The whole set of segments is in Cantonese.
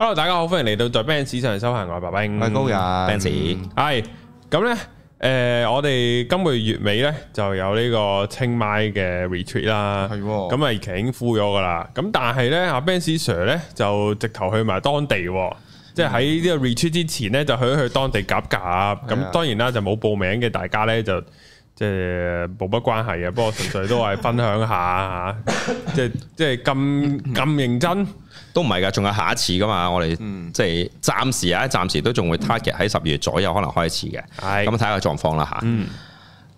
Hello，大家好，歡迎嚟到在 Benz 上修行，我係白兵，麥 The 高人 Benz Sir，係咁咧，誒、嗯呃，我哋今個月，月尾咧就有呢個清邁嘅 Retreat 啦，係、哦，咁啊已經 full 咗噶啦，咁但係咧阿 Benz Sir 咧就直頭去埋當地，即係喺呢個 Retreat 之前咧就去去當地夾夾，咁當然啦就冇報名嘅，大家咧就即係冇乜關係嘅，不過純粹都係分享下，即係即係咁咁認真。 都唔係噶，仲有下一次噶嘛？我哋即係暫時啊，暫時都仲會 target 喺十二月左右可能開始嘅。咁睇下狀況啦吓，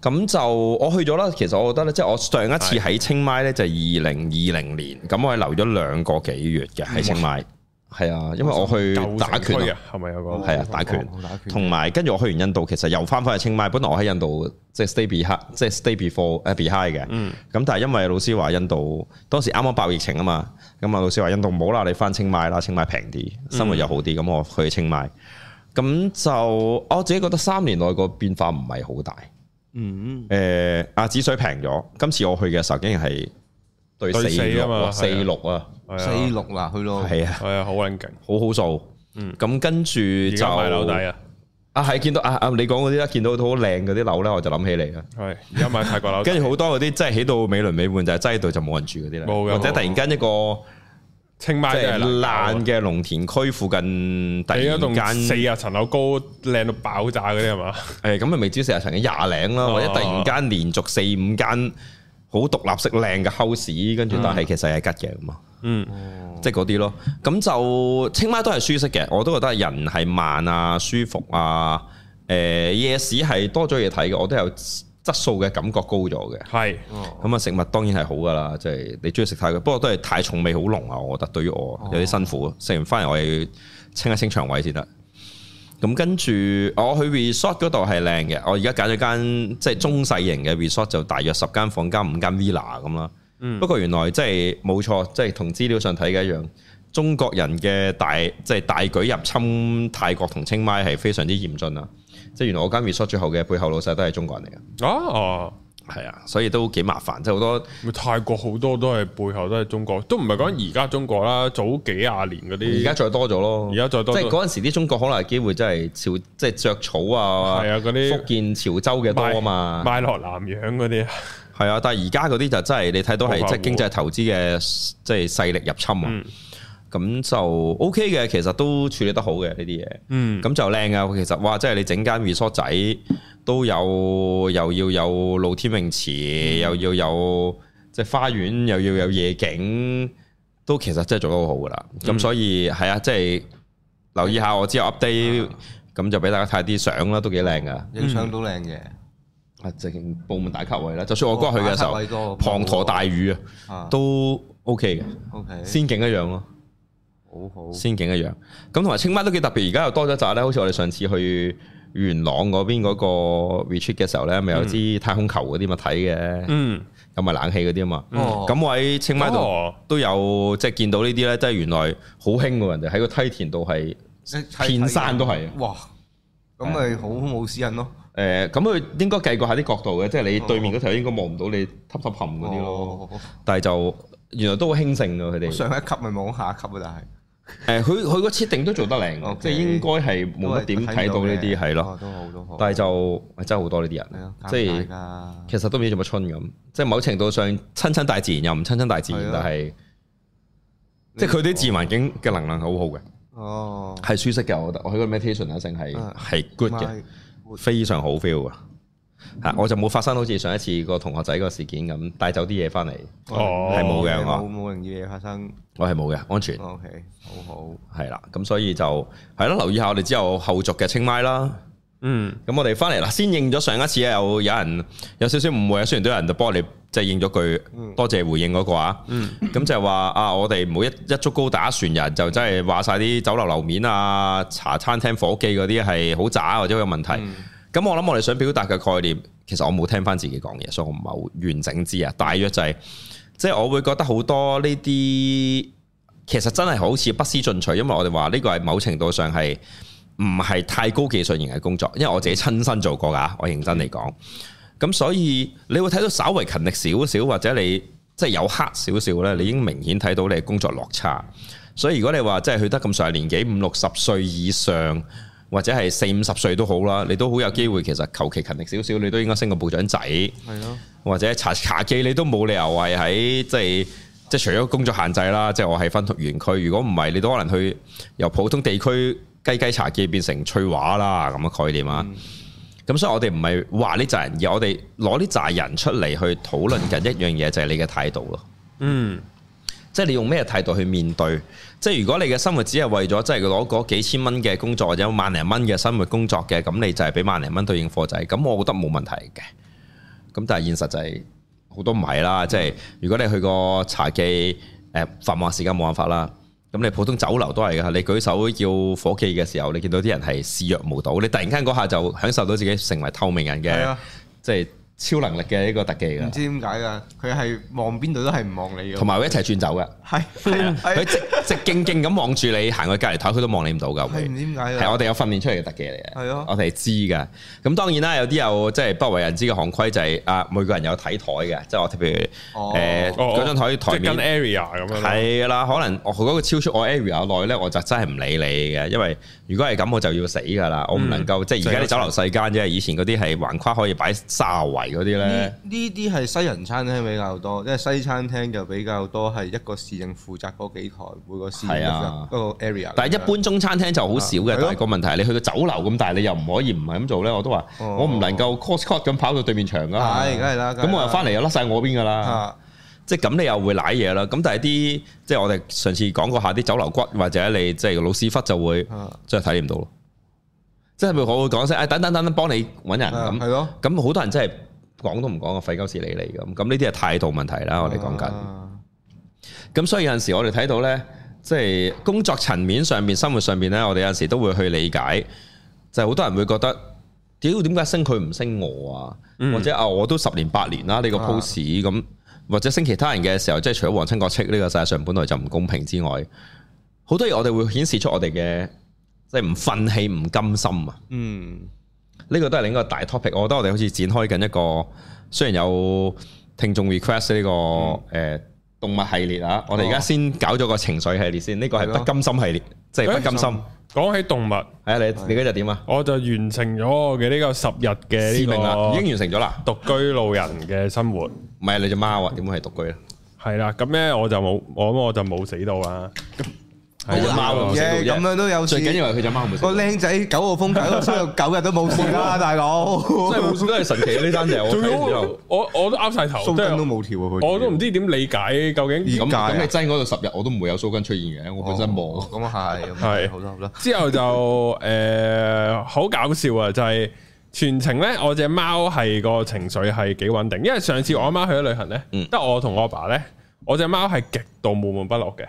咁、嗯、就我去咗啦。其實我覺得咧，即係我上一次喺清邁咧就係二零二零年。咁、嗯、我係留咗兩個幾月嘅喺清邁。係、嗯、啊，因為我去打拳嘅，係咪有個係啊打拳？打拳。同埋跟住我去完印度，其實又翻返去清邁。本來我喺印度即係 stay behind 即係 stay before stay behind 嘅。咁但係因為老師話印度當時啱啱爆疫情啊嘛。咁啊，老師話印度唔好啦，你翻清邁啦，清邁平啲，生活又好啲。咁、嗯、我去清邁，咁就我自己覺得三年內個變化唔係好大。嗯、呃，誒，阿紫水平咗，今次我去嘅時候竟然係對四六對、哦、四六啊，啊四六嗱去咯，係啊，係啊，好撚勁，好好做。嗯，咁跟住就賣樓底啊。啊，係見到啊啊！你講嗰啲咧，見到好靚嗰啲樓咧，我就諗起嚟啦。係而家咪泰國樓，跟住好多嗰啲真係起到美輪美奐，就係齋喺度就冇人住嗰啲啦。冇，或者突然間一個清邁爛嘅農田區附近，第一間四啊層樓高，靚到爆炸嗰啲係嘛？誒、 哎，咁啊未知四啊層嘅廿零啦，或者突然間連續四五間好獨立式靚嘅 house，跟住但係其實係吉嘅咁啊。嗯，即係嗰啲咯，咁就清邁都係舒適嘅，我都覺得人係慢啊，舒服啊，誒、呃，夜市係多咗嘢睇嘅，我都有質素嘅感覺高咗嘅，係是，咁啊、嗯、食物當然係好噶啦，即、就、係、是、你中意食泰國，不過都係泰重味好濃啊，我覺得對於我有啲辛苦，食、嗯、完翻嚟我哋清一清腸胃先得，咁跟住我去 resort 嗰度係靚嘅，我而家揀咗間即係中細型嘅 resort，就大約十間房加五間 villa 咁啦。不過原來即係冇錯，即係同資料上睇嘅一樣。中國人嘅大即係大舉入侵泰國同清邁係非常之嚴峻啊！即係原來我間 research 最後嘅背後老細都係中國人嚟嘅。哦、啊，係啊，所以都幾麻煩，即係好多泰國好多都係背後都係中國，都唔係講而家中國啦，嗯、早幾廿年嗰啲。而家再多咗咯，而家再多。即係嗰陣時啲中國可能機會真係潮，即係著草啊，係啊，嗰啲福建潮州嘅多啊嘛，買落南洋嗰啲。係啊，但係而家嗰啲就真係你睇到係即係經濟投資嘅即係勢力入侵啊，咁、嗯、就 O K 嘅，其實都處理得好嘅呢啲嘢，咁、嗯、就靚啊。其實哇，即係你整間 resort 仔都有又要有露天泳池，嗯、又要有即係花園，嗯、又要有夜景，都其實真係做得好好噶啦。咁、嗯、所以係啊，即、就、係、是、留意下我之後 update，咁、嗯、就俾大家睇啲相啦，都幾靚噶，影、嗯、相都靚嘅。啊！整部門打卡位啦，就算我過去嘅時候滂沱大雨啊，都 OK 嘅。OK，仙境一樣咯，好，好，仙境一樣。咁同埋青灣都幾特別，而家又多咗扎咧。好似我哋上次去元朗嗰邊嗰個 retreat 嘅時候咧，咪、嗯、有支太空球嗰啲物體嘅，嗯，咁咪冷氣嗰啲啊嘛。咁、嗯嗯、我喺青灣度都有即係見到呢啲咧，即係原來好興喎，人哋喺個梯田度係片山都係啊，哇！咁咪好冇私隱咯～誒咁佢應該計過喺啲角度嘅，即係你對面嗰頭應該望唔到你吸吸冚嗰啲咯。但係就原來都好興盛㗎，佢哋上一級咪望下一級啊！但係誒，佢佢個設定都做得靚，即係應該係冇乜點睇到呢啲係咯。都好都好。但係就真係好多呢啲人，即係其實都唔知做乜春咁。即係某程度上親親大自然又唔親親大自然，但係即係佢啲自然環境嘅能量好好嘅。哦，係舒適嘅，我覺得我喺個 meditation 啊，淨係係 good 嘅。非常好 feel 啊！嚇、嗯，我就冇發生好似上一次個同學仔個事件咁，帶走啲嘢翻嚟，係冇嘅，我冇冇唔少嘢發生，我係冇嘅，安全、哦。OK，好好。係啦，咁所以就係囉，留意下我哋之後後續嘅清邁啦。嗯，咁我哋翻嚟啦，先應咗上一次又有，有人有少少誤會啊，雖然都有人就幫你。即係應咗句多謝回應嗰個話、啊，咁、嗯、就係話啊，我哋唔好一竹篙打一船人，就真係話晒啲酒樓樓面啊、茶餐廳伙記嗰啲係好渣或者有問題。咁、嗯、我諗我哋想表達嘅概念，其實我冇聽翻自己講嘢，所以我唔係好完整知啊。大約就係即係我會覺得好多呢啲其實真係好似不思進取，因為我哋話呢個係某程度上係唔係太高技術型嘅工作，因為我自己親身做過㗎，我認真嚟講。嗯咁所以你會睇到稍微勤力少少或者你即係有黑少少呢，你已經明顯睇到你嘅工作落差。所以如果你話即係去得咁上年紀，五六十歲以上或者係四五十歲都好啦，你都好有機會其實求其勤力少少，你都應該升個部長仔。係咯，或者茶茶記你都冇理由係喺即係即係除咗工作限制啦，即係我係分同園區。如果唔係，你都可能去由普通地區雞雞茶記變成翠華啦咁嘅概念啊。嗯咁所以我哋唔係話呢啲人，而我哋攞呢啲人出嚟去討論緊一樣嘢，就係你嘅態度咯。嗯，即係你用咩態度去面對？即係如果你嘅生活只係為咗即係攞嗰幾千蚊嘅工作，或者萬零蚊嘅生活工作嘅，咁你就係俾萬零蚊對應貨仔，咁我覺得冇問題嘅。咁但係現實就係好多唔係啦，即係如果你去個茶記，誒、呃，繁忙時間冇辦法啦。咁你普通酒樓都係㗎，你舉手要伙記嘅時候，你見到啲人係視若無睹，你突然間嗰下就享受到自己成為透明人嘅，的超能力嘅呢個特技㗎，唔知點解㗎，佢係望邊度都係唔望你嘅，同埋會一齊轉走㗎，係佢直直徑徑咁望住你行去隔離台，佢都望你唔到㗎，係唔知點解㗎，係我哋有訓練出嚟嘅特技嚟嘅，係咯，我哋係知㗎，咁當然啦，有啲有即係不為人知嘅行規就係啊，每個人有睇台嘅，即係我譬如誒嗰張台台面 area 咁樣，係啦，可能我嗰個超出我 area 內咧，我就真係唔理你嘅，因為如果係咁我就要死㗎啦，我唔能夠即係而家啲酒樓細間啫，以前嗰啲係橫跨可以擺三圍。啲咧，呢啲係西人餐廳比較多，因為西餐廳就比較多係一個侍應負責嗰幾台每個侍嘅，一個 area。但係一般中餐廳就好少嘅。但係個問題，你去到酒樓咁大，你又唔可以唔係咁做咧。我都話，我唔能夠 cross cut 咁跑到對面牆噶嘛。係，梗係啦。咁我又翻嚟又甩晒我邊噶啦。即係咁，你又會舐嘢啦。咁但係啲，即係我哋上次講過下啲酒樓骨或者你即係老屎忽就會即係體驗到咯。即係咪好我會講聲，誒等等等等，幫你揾人咁。係咯。咁好多人真係。講都唔講個，廢鳩事你嚟咁，咁呢啲係態度問題啦。我哋講緊，咁所以有陣時我哋睇到呢，即係工作層面上面、生活上面呢，我哋有陣時都會去理解，就係好多人會覺得，屌點解升佢唔升我啊？嗯、或者啊，我都十年八年啦，呢個 pose 咁，啊、或者升其他人嘅時候，即係除咗皇親國戚呢個世界上本來就唔公平之外，好多嘢我哋會顯示出我哋嘅即係唔憤氣、唔甘心啊。嗯。呢個都係另一個大 topic，我覺得我哋好似展開緊一個，雖然有聽眾 request 呢個誒動物系列啊，我哋而家先搞咗個情緒系列先。呢個係不甘心系列，即係不甘心。講起動物，係啊，你你而家就點啊？我就完成咗我嘅呢個十日嘅使命啦，已經完成咗啦。獨居老人嘅生活，唔係你隻貓啊？點會係獨居啊？係啦，咁咧我就冇，咁我就冇死到啊。隻貓嘅咁樣都有事，最緊要係佢隻貓冇事。個僆仔九號風頭都三九日都冇事啦，大佬，真係神奇。呢單嘢，我我都啱晒頭，蘇根都冇跳啊！佢我都唔知點理解究竟。理解啊！擠嗰度十日我都唔會有蘇根出現嘅。我本身冇，咁係。係，好多好多。之後就誒好搞笑啊！就係全程咧，我隻貓係個情緒係幾穩定。因為上次我阿媽去咗旅行咧，得我同我阿爸咧，我隻貓係極度悶悶不樂嘅。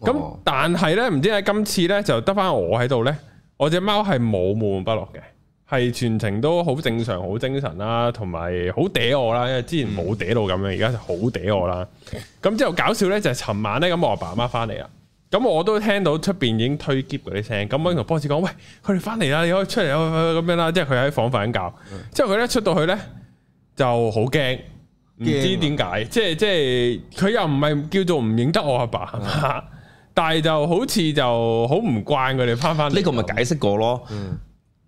咁、哦、但係咧，唔知喺今次咧就得翻我喺度咧，我隻貓係冇悶悶不樂嘅，係全程都好正常、好精神啦，同埋好嗲我啦。因為之前冇嗲到咁樣，而家、嗯、就好嗲我啦。咁之後搞笑咧就係尋晚咧，咁我阿爸阿媽翻嚟啦，咁我都聽到出邊已經推篋嗰啲聲，咁我同波子講，喂，佢哋翻嚟啦，你可以出嚟咁樣啦。即係佢喺房瞓緊覺，嗯、之後佢一出到去咧就好驚，唔、啊、知點解，即係即係佢又唔係叫做唔認得我阿爸，爸。嗯但係就好似就好唔慣佢哋翻翻，呢個咪解釋過咯。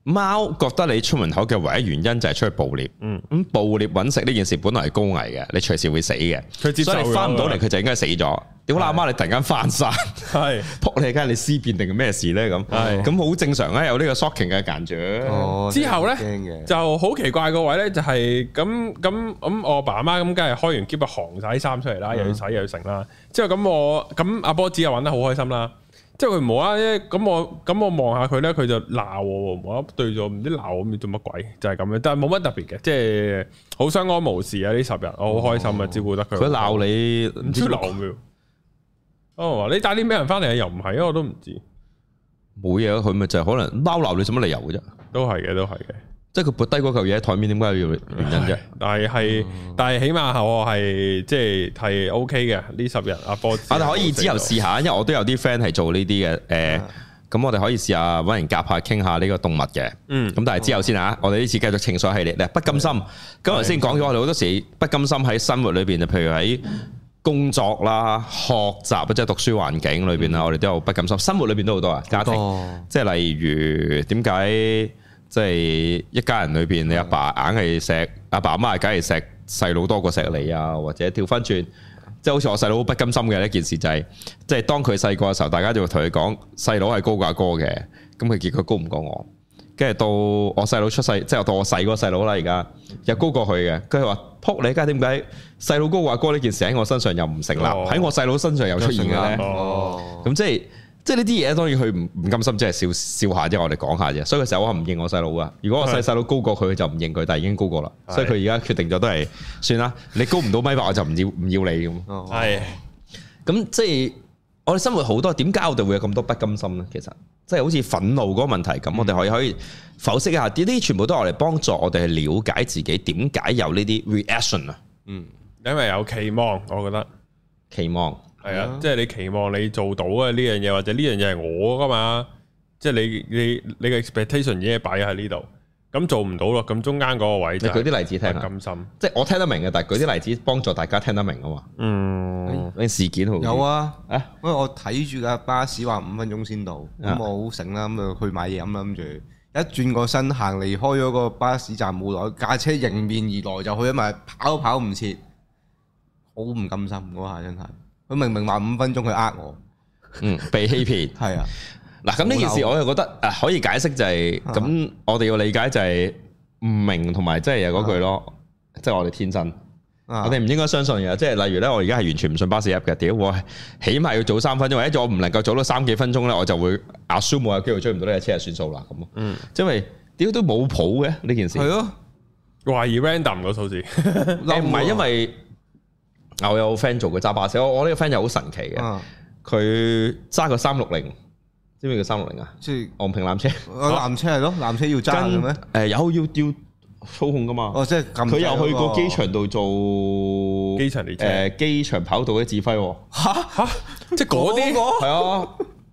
貓覺得你出門口嘅唯一原因就係出去捕獵。咁捕獵揾食呢件事本來係高危嘅，你隨時會死嘅。佢接受，所以翻唔到嚟，佢就應該死咗。屌啦阿媽你突然間翻山？係仆你，家你屍變定係咩事咧？咁咁好正常啊！有呢個 shocking 嘅現象。之後咧就好奇怪個位咧，就係咁咁咁，我爸阿媽咁，梗係開完機啊，行晒啲衫出嚟啦，又要洗又要食啦。之後咁我咁阿波子又玩得好開心啦，即係佢冇啊，咁我咁我望下佢咧，佢就鬧我，我對咗唔知鬧我你做乜鬼，就係、是、咁樣，但係冇乜特別嘅，即係好相安無事啊呢十日，哦、我好開心啊照顧得佢。佢鬧你唔知鬧咩？哦，你帶啲咩人翻嚟啊？又唔係啊？我都唔知冇嘢啊，佢咪就係可能鬧鬧你，做乜理由嘅、啊、啫？都係嘅，都係嘅。即係佢撥低嗰嚿嘢喺台面，點解要原因啫？但係係，但係起碼我係即係係 OK 嘅呢十日。阿波，我哋可以之後試下，因為我都有啲 friend 係做呢啲嘅。誒，咁我哋可以試下搵人夾下傾下呢個動物嘅。嗯，咁但係之後先嚇，我哋呢次繼續情緒系列，不甘心。咁頭先講咗，我哋好多時不甘心喺生活裏邊啊，譬如喺工作啦、學習啊，即係讀書環境裏邊啊，我哋都有不甘心。生活裏邊都好多啊，家庭，即係例如點解？即係一家人裏邊，你阿爸硬係錫，阿爸阿媽係梗係錫細佬多過錫你啊，或者調返轉，即係好似我細佬不甘心嘅一件事就係、是，即係當佢細個嘅時候，大家就會同佢講細佬係高過阿哥嘅，咁佢結果高唔過我，跟住到我細佬出世，即係到我細個細佬啦而家又高過佢嘅，佢話，撲你家點解細佬高過阿哥呢件事喺我身上又唔成立，喺我細佬身上又出現嘅咧？咁、哦哦、即係。即係呢啲嘢，當然佢唔唔甘心，即係笑笑下啫，我哋講下啫。所以個時候我唔認我細佬啊。如果我細細佬高過佢，就唔認佢，但係已經高過啦。是的 所以佢而家決定咗都係算啦。 你高唔到米八，我就唔要唔要你咁。係。咁即係我哋生活好多點解，我哋會有咁多不甘心呢？其實即係好似憤怒嗰個問題咁，嗯、我哋可以可以剖析一下呢啲全部都係我哋幫助我哋去了解自己點解有呢啲 reaction 啊。嗯，因為有期望，我覺得期望。係啊，即係你期望你做到啊呢樣嘢，或者呢樣嘢係我噶嘛？即係你你你嘅 expectation 已經擺喺呢度，咁做唔到咯。咁中間嗰個位就是，舉啲例子聽下，唔甘心。即係我聽得明嘅，但係舉啲例子幫助大家聽得明啊嘛。嗯，啲事件好有啊。誒、啊，因為我睇住架巴士話五分鐘先到，咁、啊、我好醒啦，咁啊去買嘢飲啦，諗住一轉個身行離開咗個巴士站冇耐，架車迎面而來就去，咪跑都跑唔切，好唔甘心嗰下真係。佢明明話五分鐘，佢呃我，嗯，被欺騙係 啊，嗱，咁呢件事我又覺得誒可以解釋就係、是，咁、啊、我哋要理解就係唔明同埋即係嗰句咯，啊、即係我哋天真，啊、我哋唔應該相信嘅。即係例如咧，我而家係完全唔信巴士入嘅，屌，我起碼要早三分鐘，或者我唔能夠早到三幾分鐘咧，我就會 assume 我有機會追唔到呢隻車就算數啦，咁，嗯，因為屌都冇譜嘅呢件事，係咯、啊，懷疑 random 個數字，唔 係 因為。我有 friend 做佢揸巴士，我我呢個 friend 就好神奇嘅，佢揸、啊、個三六零，知唔知叫三六零啊？即係昂平纜車，纜車係咯，纜車要揸咩？誒，有要調操控噶嘛？哦，即係撳佢又去過機場度做機場誒機場跑道嘅指揮，吓即係嗰啲係啊，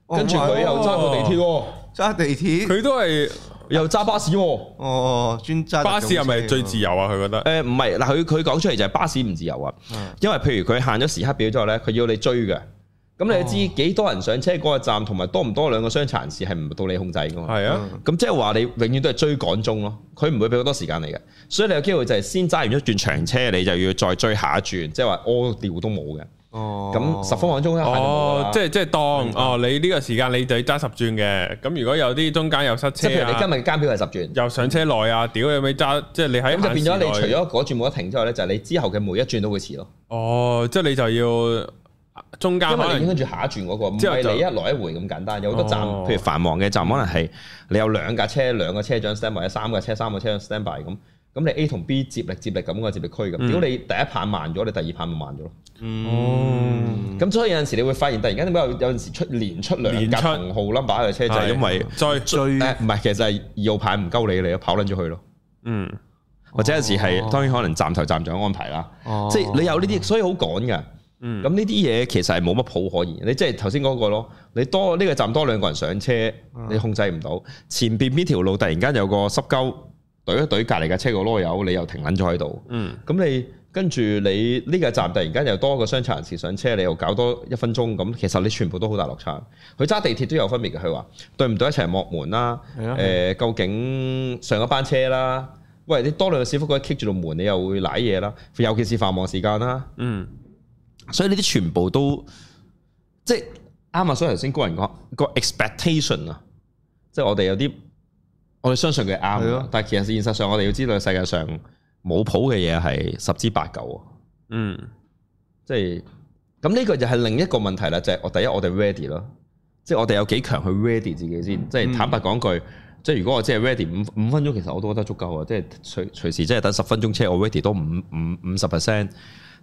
跟住佢又揸過地鐵，揸、oh、地鐵，佢都係。又揸巴士喎，啊，哦，專揸巴士係咪最自由啊？佢覺得誒，唔係嗱，佢佢講出嚟就係巴士唔自由啊。嗯，因為譬如佢限咗時刻表之後咧，佢要你追嘅。咁你知幾多人上車嗰個站，同埋多唔多兩個傷殘人士係唔到你控制噶嘛？係啊，嗯。咁即係話你永遠都係追趕中咯。佢唔會俾好多時間你嘅，所以你有機會就係先揸完一轉長車，你就要再追下一轉，即係話屙尿都冇嘅。哦，咁十分鐘鐘咧？哦，即係即係當哦，你呢個時間你就要揸十轉嘅。咁如果有啲中間有塞車，即係譬如你今日監表係十轉，又上車耐啊屌！你咪揸？即係你喺咁就變咗，你除咗嗰轉冇得停之外咧，就係你之後嘅每一轉都會遲咯。哦，即係你就要中間，因為你已跟住下一轉嗰個，唔係你一來一回咁簡單。有好多站，譬如繁忙嘅站，可能係你有兩架車兩個車長 standby，三架車三個車長 standby 咁。咁你 A 同 B 接力接力咁嘅接力區咁，mm. 如果你第一棒慢咗，你第二棒咪慢咗咯。Mm. 嗯，咁所以有陣時你會發現突然間點解有有陣時出連出兩架同號 number 嘅車仔出，因為再最唔係的、呃，其實係二號牌唔夠你你咯，跑撚咗去咯。嗯，或者有時係、哦、當然可能站頭站長安排啦。哦、即係你有呢啲，所以好趕㗎。嗯，咁呢啲嘢其實係冇乜譜可言。你即係頭先講過咯。你多呢、呢個站多兩個人上車，你控制唔到前邊邊條路突然間有個濕鳩隊一隊隔離架車個籮柚，你又停撚咗喺度。嗯，咁你跟住你呢個站突然間又多個傷殘人士上車，你又多搞多一分鐘。咁其實你全部都好大落差。佢揸地鐵都有分別嘅，佢話對唔對一齊幕門啦，誒、呃，究竟上一班車啦，喂，你多兩個小夥哥棘住道門，你又會賴嘢啦。尤其是繁忙時間啦。嗯，所以呢啲全部都即係啱啊！所以頭先高人講個 expectation 啊，即係我哋有啲。我哋相信佢啱，的但係其實現實上我哋要知道世界上冇譜嘅嘢係十之八九，嗯，即係咁呢個就係另一個問題啦，就係、是、我第一我哋 ready 咯，即係我哋有幾強去 ready 自己先，嗯、即係坦白講句，即係如果我真係 ready 五五分鐘，其實我都覺得足夠啊，即係隨隨時即係等十分鐘車我 ready 都五五五十 percent，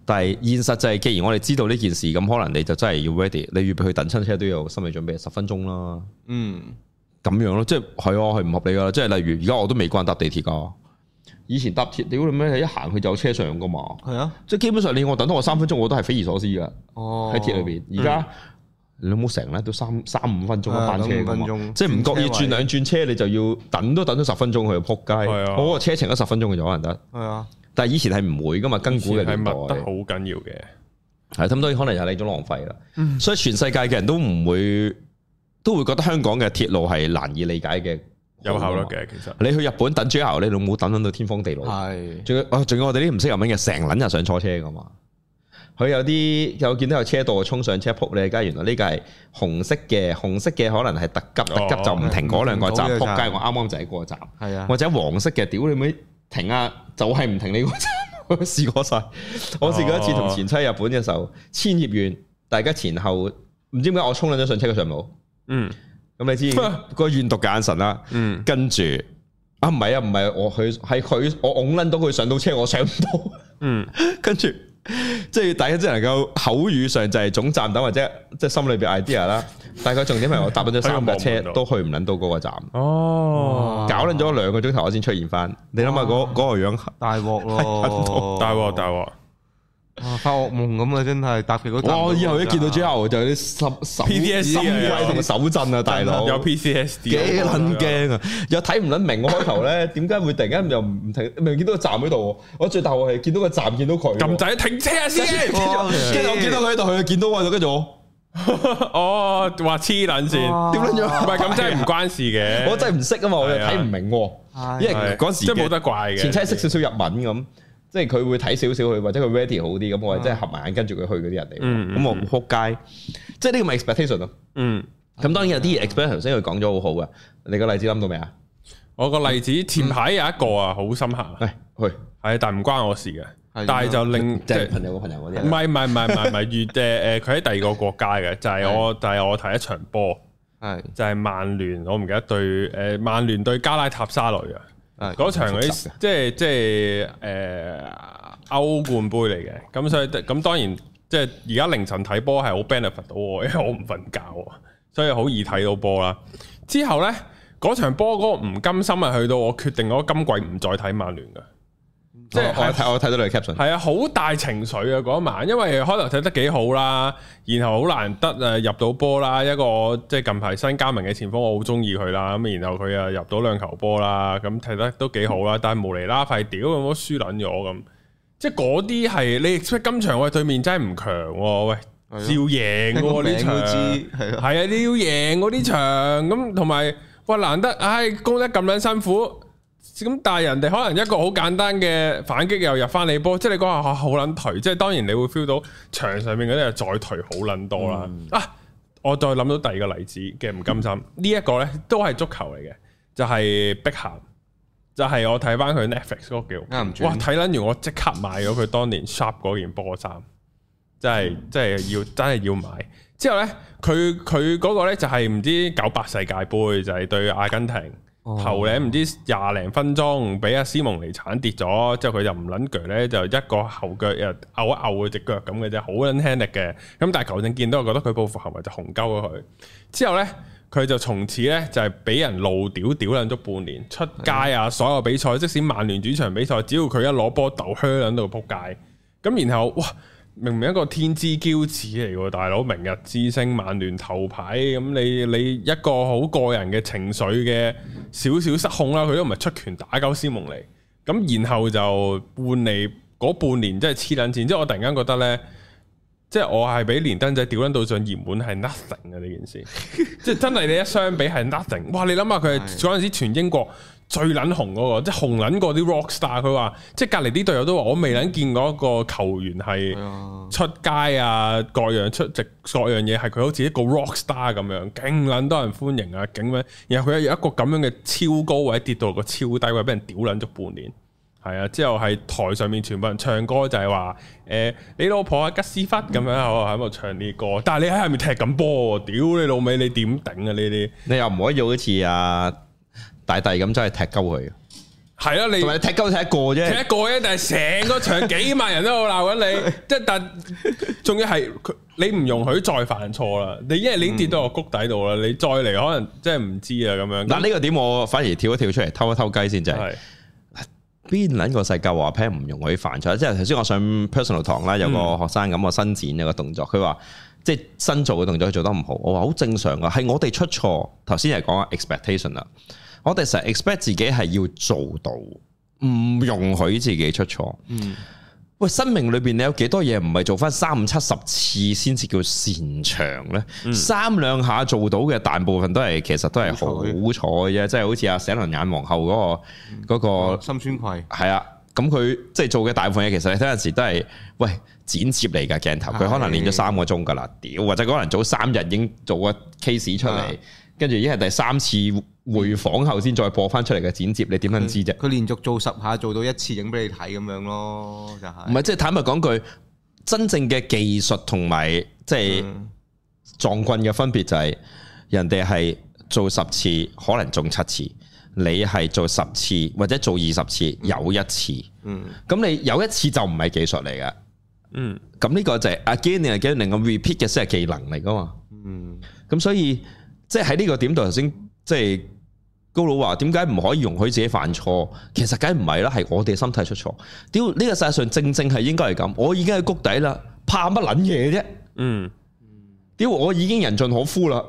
但係現實就係既然我哋知道呢件事咁，可能你就真係要 ready，你預備去等親車都要有心理準備十分鐘啦，嗯。咁樣咯，即係係啊，係唔合理噶喇。即係例如，而家我都未慣搭地鐵噶。以前搭鐵屌你咩？一行去就有車上噶嘛。係啊，即係基本上你我等多我三分鐘，我都係匪夷所思噶。哦，喺鐵裏邊。而家、嗯、你有冇成咧，都三三五分鐘一班車噶嘛。嗯、分即係唔覺意轉兩轉車，車位你就要等都等咗十分鐘去。撲街！我個、啊、車程都十分鐘就可能得。係啊，但係以前係唔會噶嘛。跟古嘅年代，好緊要嘅。係，咁所以可能係一種浪費啦。嗯、所以全世界嘅人都唔會。都會覺得香港嘅鐵路係難以理解嘅，有效率嘅其實。你去日本等 JR 咧，你冇等等到天荒地老。仲要是我哋啲唔識日文嘅，成撚就上錯車噶嘛？佢有啲有見到有車道衝上車仆你，而家原來呢個係紅色嘅，紅色嘅可能係特急，哦、特急就唔停嗰兩個站。仆街、哦！我啱啱就喺個站。係啊，或者黃色嘅，屌你妹，停啊！就係、是、唔停你個站。 我試過曬，我試過一次同、哦哦、前妻日本嘅時候，千葉縣，大家前後唔知點解我衝撚咗上車嘅上，上路。嗯，咁你知,知個怨毒嘅眼神啦，嗯，跟住啊唔係啊唔係、啊，我佢係佢我拱撚到佢上到車，我上唔到， 嗯，跟住即係大家只能夠口語上就係總站等或者即係心裏邊 idea 啦，但係佢重點係我搭咗三架車都去唔捻到嗰個站，哦，搞捻咗兩個鐘頭我先出現翻，啊、你諗下嗰嗰個樣大鑊啦，大鑊大鑊。啊！發惡夢咁啊，真係特別嗰。哇！以後一見到 J L 就有啲十十 P D S 同手震啊，大佬有 P C S D 幾撚驚啊！又睇唔撚明我開頭咧，點解會突然間又唔停？明明見到個站喺度，我最大鑊係見到個站，見到佢。撳掣停車先，跟住我見到佢喺度，佢見到我，度，跟住我。哦，話黐撚線，點樣？唔係咁，真係唔關事嘅。我真係唔識啊嘛，我又睇唔明，因為嗰時真係冇得怪嘅。前妻識少少日文咁。即係佢會睇少少去，或者佢 ready 好啲，咁我係真係合埋眼跟住佢去嗰啲人嚟，咁我唔仆街。即係呢個咪 expectation 咯。嗯。咁當然有啲 expect，頭先佢講咗好好㗎。你個例子諗到未啊？我個例子前排有一個啊，好深刻。啊，去係，但唔關我事嘅。但係就令即係朋友嘅朋友嗰啲。唔係唔係唔係唔係唔係越誒誒，佢喺第二個國家嘅，就係我，就係我睇一場波。係。就係曼聯，我唔記得對誒，曼聯對加拉塔沙雷啊。嗰場嗰即係即係誒歐冠杯嚟嘅，咁所以咁當然即係而家凌晨睇波係好 benefit 到我，因為我唔瞓覺，所以好易睇到波啦。之後咧，嗰場波嗰個唔甘心啊，去到我決定嗰個今季唔再睇曼聯㗎。即係我睇，我睇到你 caption。係 啊，好大情緒啊！嗰一晚，因為可能睇得幾好啦，然後好難得誒入到波啦。一個即係、就是、近排新加盟嘅前鋒，我好中意佢啦。咁然後佢又入到兩球波啦，咁睇得都幾好啦。但係無離啦，廢屌，我都輸撚咗咁。即係嗰啲係你，今場我哋對面真係唔強喎，喂，哎、呦要贏嗰啲、啊、場，係啊，你要贏嗰啲場咁。同埋喂，難得，唉、哎，攻得咁撚辛苦。咁但係人哋可能一個好簡單嘅反擊又入翻你波，即係你嗰下好捻頹，即係當然你會 feel 到場上面嗰啲又再頹好捻多啦。嗯、啊，我再諗到第二個例子嘅唔甘心，嗯、呢一個咧都係足球嚟嘅，就係、是、碧咸，就係、是、我睇翻佢 Netflix 嗰、那個叫，嗯、好哇睇捻完我即刻買咗佢當年 shop 嗰件波衫，即係真係、嗯、要真係要買。之後咧佢佢嗰個咧就係、是、唔知九八世界杯就係、是、對阿根廷。頭領唔知廿零分鐘，俾阿斯蒙尼鏟跌咗，之後佢就唔捻鋸咧，就一個後腳又拗一拗佢隻腳咁嘅啫，好捻輕力嘅。咁但係球證見到，我覺得佢報復行為就紅鳩咗佢。之後呢，佢就從此呢，就係俾人路屌屌捻咗半年，出街啊，所有比賽，的即使曼聯主場比賽，只要佢一攞波逗靴喺度撲街，咁然後哇。明明一個天之驕子嚟喎，大佬明日之星、曼聯頭牌，咁你你一個好個人嘅情緒嘅少少失控啦，佢都唔係出拳打鳩斯蒙尼，咁然後就換嚟嗰半年真係黐撚線，即係我突然間覺得呢，即係我係俾連登仔屌撚到上熱門係 nothing 嘅呢件事，即係 真係你一相比係 nothing 哇！你諗下佢嗰陣時全英國。最撚紅嗰個，即係紅撚過啲 rockstar。佢話，即係隔離啲隊友都話，我未撚見過一個球員係出街啊，各樣出席各樣嘢，係佢好似一個 rockstar 咁樣，勁撚多人歡迎啊，勁咩？然後佢有一個咁樣嘅超高位跌到個超低位，俾人屌撚足半年。係啊，之後喺台上面全部人唱歌就係話，誒、呃，你老婆喺、啊、吉斯忽咁樣喺度、嗯、唱呢啲歌。但係你喺下面踢緊波，屌你老味，你點頂啊？呢啲你又唔可以做一次啊！大帝二咁走去踢鳩佢，係啊，你，踢鳩踢一個啫，踢一個啫，但係成個場幾萬人都我鬧緊你，即係 但仲要係你唔容許再犯錯啦。你因為你已經跌到個谷底度啦，嗯、你再嚟可能即係唔知啊咁樣。嗱呢個點我反而跳一跳出嚟偷一偷雞先，就係邊兩個世界話 plan 唔容許犯錯，即係頭先我上 personal 堂啦，有個學生咁我、嗯、伸展有個動作，佢話即係新做嘅動作做得唔好，我話好正常啊，係我哋出錯。頭先係講 expectation 啦。我哋成日 expect 自己係要做到，唔容許自己出錯。喂、嗯，生命裏邊你有幾多嘢唔係做翻三五七十次先至叫擅長呢？嗯、三兩下做到嘅大部分都係其實都係、嗯、好彩啫、那個，即係好似阿石龍眼皇后嗰個心酸愧係啊！咁佢即係做嘅大部分嘢其實你睇陣時都係喂剪接嚟㗎鏡頭，佢可能練咗三個鐘㗎啦，屌的或者可能早三日已經做咗 case 出嚟。跟住已經係第三次回訪後先再播翻出嚟嘅剪接，你點樣知啫？佢連續做十下做到一次影俾你睇咁樣咯，就係、是。唔係即係坦白講句，真正嘅技術同埋即係撞棍嘅分別就係、是，人哋係做十次可能中七次，你係做十次或者做二十次有一次，咁、嗯、你有一次就唔係技術嚟噶，咁呢、嗯、個就係 again again 咁 repeat 嘅先係技能嚟噶嘛，咁、嗯、所以。即係喺呢個點度，頭先即係高佬話點解唔可以容許自己犯錯？其實梗係唔係啦，係我哋心態出錯。屌，呢個世界上正正係應該係咁，我已經喺谷底啦，怕乜撚嘢啫？嗯，屌我已經人盡可夫啦，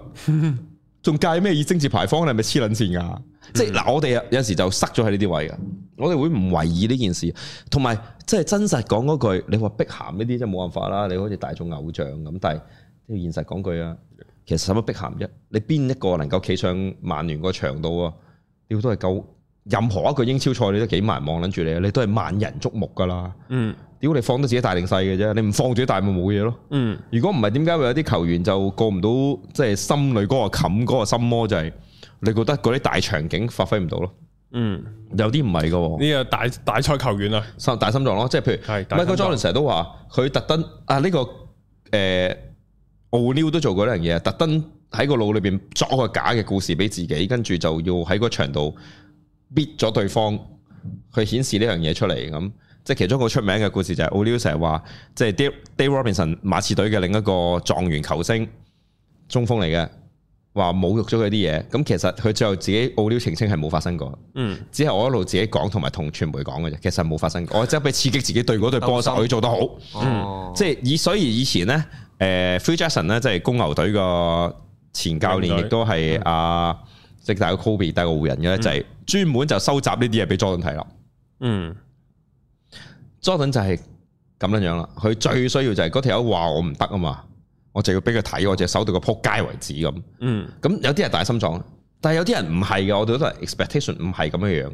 仲介咩以政治牌坊，你係咪黐撚線噶？即係嗱，我哋有陣時就塞咗喺呢啲位噶，我哋會唔懷疑呢件事。同埋即係真實講嗰句，你話碧咸呢啲真係冇辦法啦，你好似大眾偶像咁，但係即係現實講句啊。其實使乜逼鹹啫？你邊一個能夠企上曼聯個場度啊？屌都係夠！任何一個英超賽你，你都幾萬人望撚住你，啊，你都係萬人矚目噶啦。嗯，屌你放得自己大定細嘅啫，你唔放住大咪冇嘢咯。嗯，如果唔係點解會有啲球員就過唔到即係心裏嗰個冚嗰個心魔就係、是、你覺得嗰啲大場景發揮唔到咯？嗯，有，有啲唔係噶。呢個大大賽球員啊心，大心臟咯，即係譬如，Michael Jordan 成日都話佢特登啊呢、這個誒。呃奧尼爾都做過呢樣嘢。特登喺個腦裏邊作個假嘅故事俾自己，跟住就要喺個場度搣咗對方，去顯示呢樣嘢出嚟。咁即係其中一個出名嘅故事就係奧尼爾成日話，即係 Dave Robinson，馬刺隊嘅另一個狀元球星中鋒嚟嘅，話侮辱咗佢啲嘢。咁其實佢最後自己奧尼爾澄清係冇發生過。嗯，mm. 只係我一路自己講同埋同傳媒講嘅啫。其實冇發生過，我即係俾刺激自己對嗰隊波手，可收做得好。嗯，mm. mm. 即係以所以以前咧。誒、呃、Free Jackson 咧，即係公牛隊個前教練，嗯、亦都係啊，即係大個 Kobe 帶個湖人嘅咧，就係專門就收集呢啲嘢俾 Jordan 睇啦。嗯，Jordan 就係咁樣樣啦。佢最需要就係嗰條友話我唔得啊嘛，我就要俾佢睇，我就守到個撲街為止咁。嗯，咁有啲係大心臟，但係有啲人唔係嘅，我哋都係 expectation 唔係咁樣樣。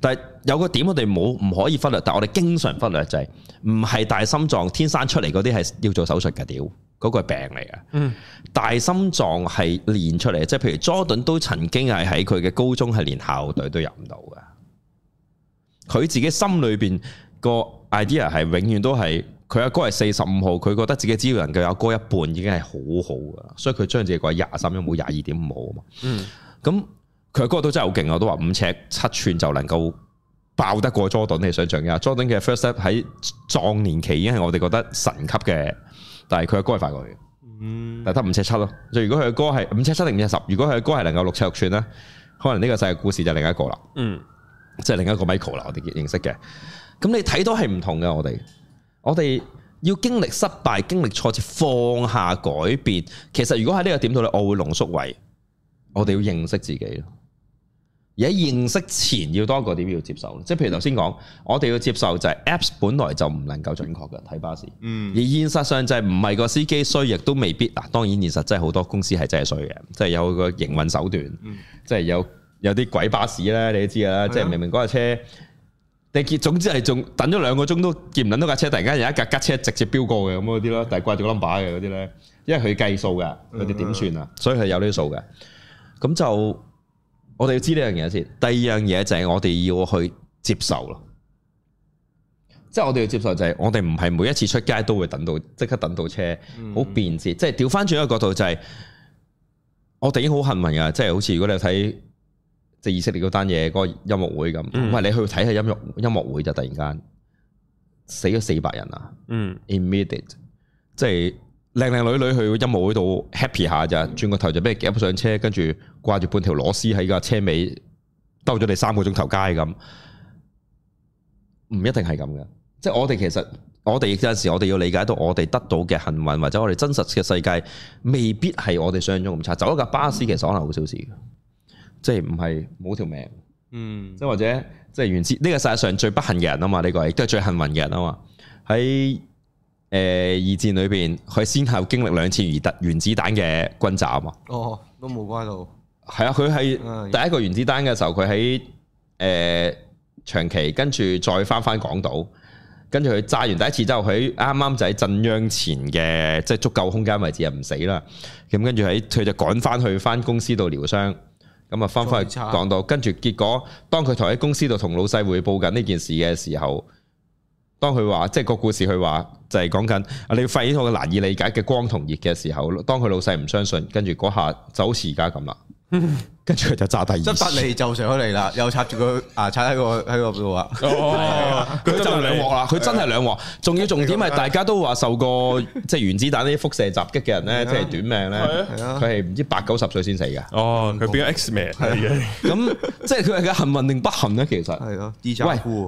但係有個點我哋冇唔可以忽略，但係我哋經常忽略就係唔係大心臟天生出嚟嗰啲係要做手術嘅屌。嗰個係病嚟嘅，嗯、大心臟係練出嚟，即係譬如 Jordan 都曾經係喺佢嘅高中係連校隊都入唔到嘅，佢自己心裏邊個 idea 係永遠都係佢阿哥係四十五號，佢覺得自己只要能夠有哥一半已經係好好嘅，所以佢將自己改廿三，因為冇廿二點五號啊嘛。嗯，咁佢阿哥都真係好勁，我都話五尺七吋就能夠爆得過 Jordan 你想象嘅，Jordan 嘅 first step 喺壯年期已經係我哋覺得神級嘅。但係佢嘅歌係快過佢，但得五尺七咯。所以如果佢嘅歌係五尺七定五尺十，10, 如果佢嘅歌係能夠六尺六寸咧，可能呢個世界故事就另一個啦。嗯，即係另一個 Michael 啦，我哋認識嘅。咁你睇到係唔同嘅，我哋我哋要經歷失敗，經歷挫折，放下改變。其實如果喺呢個點度咧，我會濃縮為我哋要認識自己。而喺認識前要多個點要接受，即係譬如頭先講，我哋要接受就係 Apps 本來就唔能夠準確嘅睇巴士，嗯，而現實上就係唔係個司機衰，亦都未必嗱。當然現實真係好多公司係真係衰嘅，即係有個營運手段，即係、嗯、有有啲鬼巴士咧，你都知啊，即係明明嗰架車，你結總之係仲等咗兩個鐘都見唔撚到架車，突然間有一架架車直接飆過嘅咁嗰啲咯，但係掛住個 number 嘅嗰啲咧，因為佢計數嘅，佢哋點算啊？所以係有呢數嘅，咁就。我哋要知呢樣嘢先。第二樣嘢就係我哋要去接受咯，即係我哋要接受就係我哋唔係每一次出街都會等到即刻等到車，好便捷。即係調翻轉一個角度就係、是，我哋已經好幸運㗎，即係好似如果你睇即係以色列嗰單嘢，嗰個音樂會咁，唔係、嗯、你去睇下音樂音樂會就突然間死咗四百人啊！Immediate，、嗯、即係。靚靚女女去音樂嗰度 happy 下咋？轉個頭就俾人夾上車，跟住掛住半條螺絲喺架車尾兜咗你三個鐘頭街咁，唔一定係咁嘅。即係我哋其實我哋有陣時我哋要理解到我哋得到嘅幸運或者我哋真實嘅世界未必係我哋想象中咁差。走一架巴士其實可能好小事嘅，即係唔係冇條命。嗯，即或者，即係或者即係原先呢個世界上最不幸嘅人啊嘛，呢個亦都係最幸運嘅人啊嘛，喺。誒二戰裏邊，佢先後經歷兩次原彈、原子彈嘅轟炸啊嘛。哦，都冇關到。係啊，佢係第一個原子彈嘅時候，佢喺誒長期跟住再翻翻港島，跟住佢炸完第一次之後，佢啱啱就喺震央前嘅，即係足夠空間位置，又唔死啦。咁跟住喺佢就趕翻去翻公司度療傷，咁啊翻翻去港島，跟住結果當佢同喺公司度同老細匯報緊呢件事嘅時候。當佢話即係個故事，佢話就係講緊你要發現一個難以理解嘅光同熱嘅時候，當佢老細唔相信，跟住嗰下就好似而家咁啦。 跟住佢就炸第二，不嚟就上嚟啦，又插住佢，牙，插喺個喺個度啊！佢就兩鑊啦，佢真係兩鑊。仲要重點係，大家都話受過即係原子彈呢啲輻射襲擊嘅人咧，即係短命咧，係啊，佢係唔知八九十歲先死嘅。哦，佢變咗 X-Men 係啊！咁即係佢係個幸運定不幸咧？其實係咯，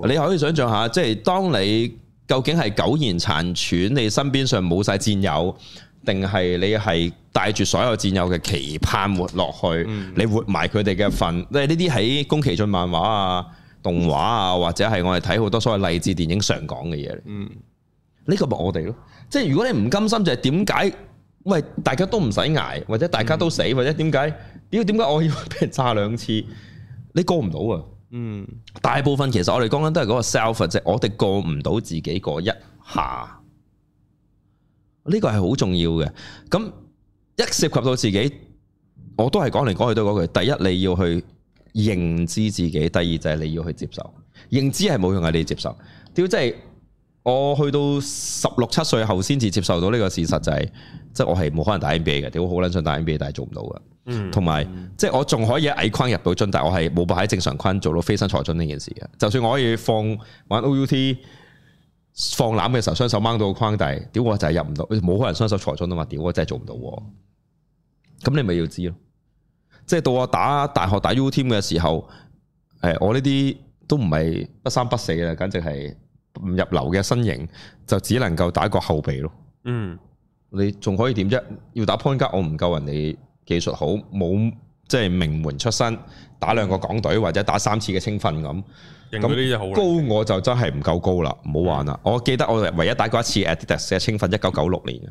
喂你可以想象下，即係當你究竟係苟延殘喘，你身邊上冇晒戰友，定係你係？帶住所有戰友嘅期盼活落去，嗯、你活埋佢哋嘅份，即係呢啲喺宮崎駿漫畫啊、動畫啊，或者係我哋睇好多所謂勵志電影常講嘅嘢。嗯，呢個咪我哋咯，即係如果你唔甘心，就係點解？喂，大家都唔使挨，或者大家都死，嗯、或者點解？屌，點解我要俾人炸兩次？你過唔到啊？嗯，大部分其實我哋講緊都係嗰個 self 嘅啫，我哋過唔到自己嗰一下，呢、呢個係好重要嘅。咁一涉及到自己，我都係講嚟講去都嗰句：第一你要去認知自己，第二就係你要去接受。認知係冇用嘅，你接受。屌，即係我去到十六七歲後，先至接受到呢個事實，就係即係我係冇可能打 NBA 嘅。屌，好撚想打 NBA，但係做唔到嘅。嗯，同埋即係我仲可以喺矮框入到樽，但係我係冇辦法喺正常框做到飛身坐樽呢件事嘅。就算我可以放玩 out。放籃嘅時候，雙手掹到個框底，屌，我就係入唔到，冇可能雙手裁咗啊嘛！屌，我真係做唔到，咁、嗯、你咪要知咯。即係到我打大學打 U Team 嘅時候，誒、哎，我呢啲都唔係不三不四啦，簡直係唔入流嘅身形，就只能夠打一個後備咯。嗯，你仲可以點啫？要打 point guard，我唔夠人哋技術好，冇即係名門出身，打兩個港隊或者打三次嘅青訓咁。咁高我就真係唔夠高啦，唔好玩啦！嗯、我記得我唯一打過一次 Adidas 嘅青訓，一九九六年嘅。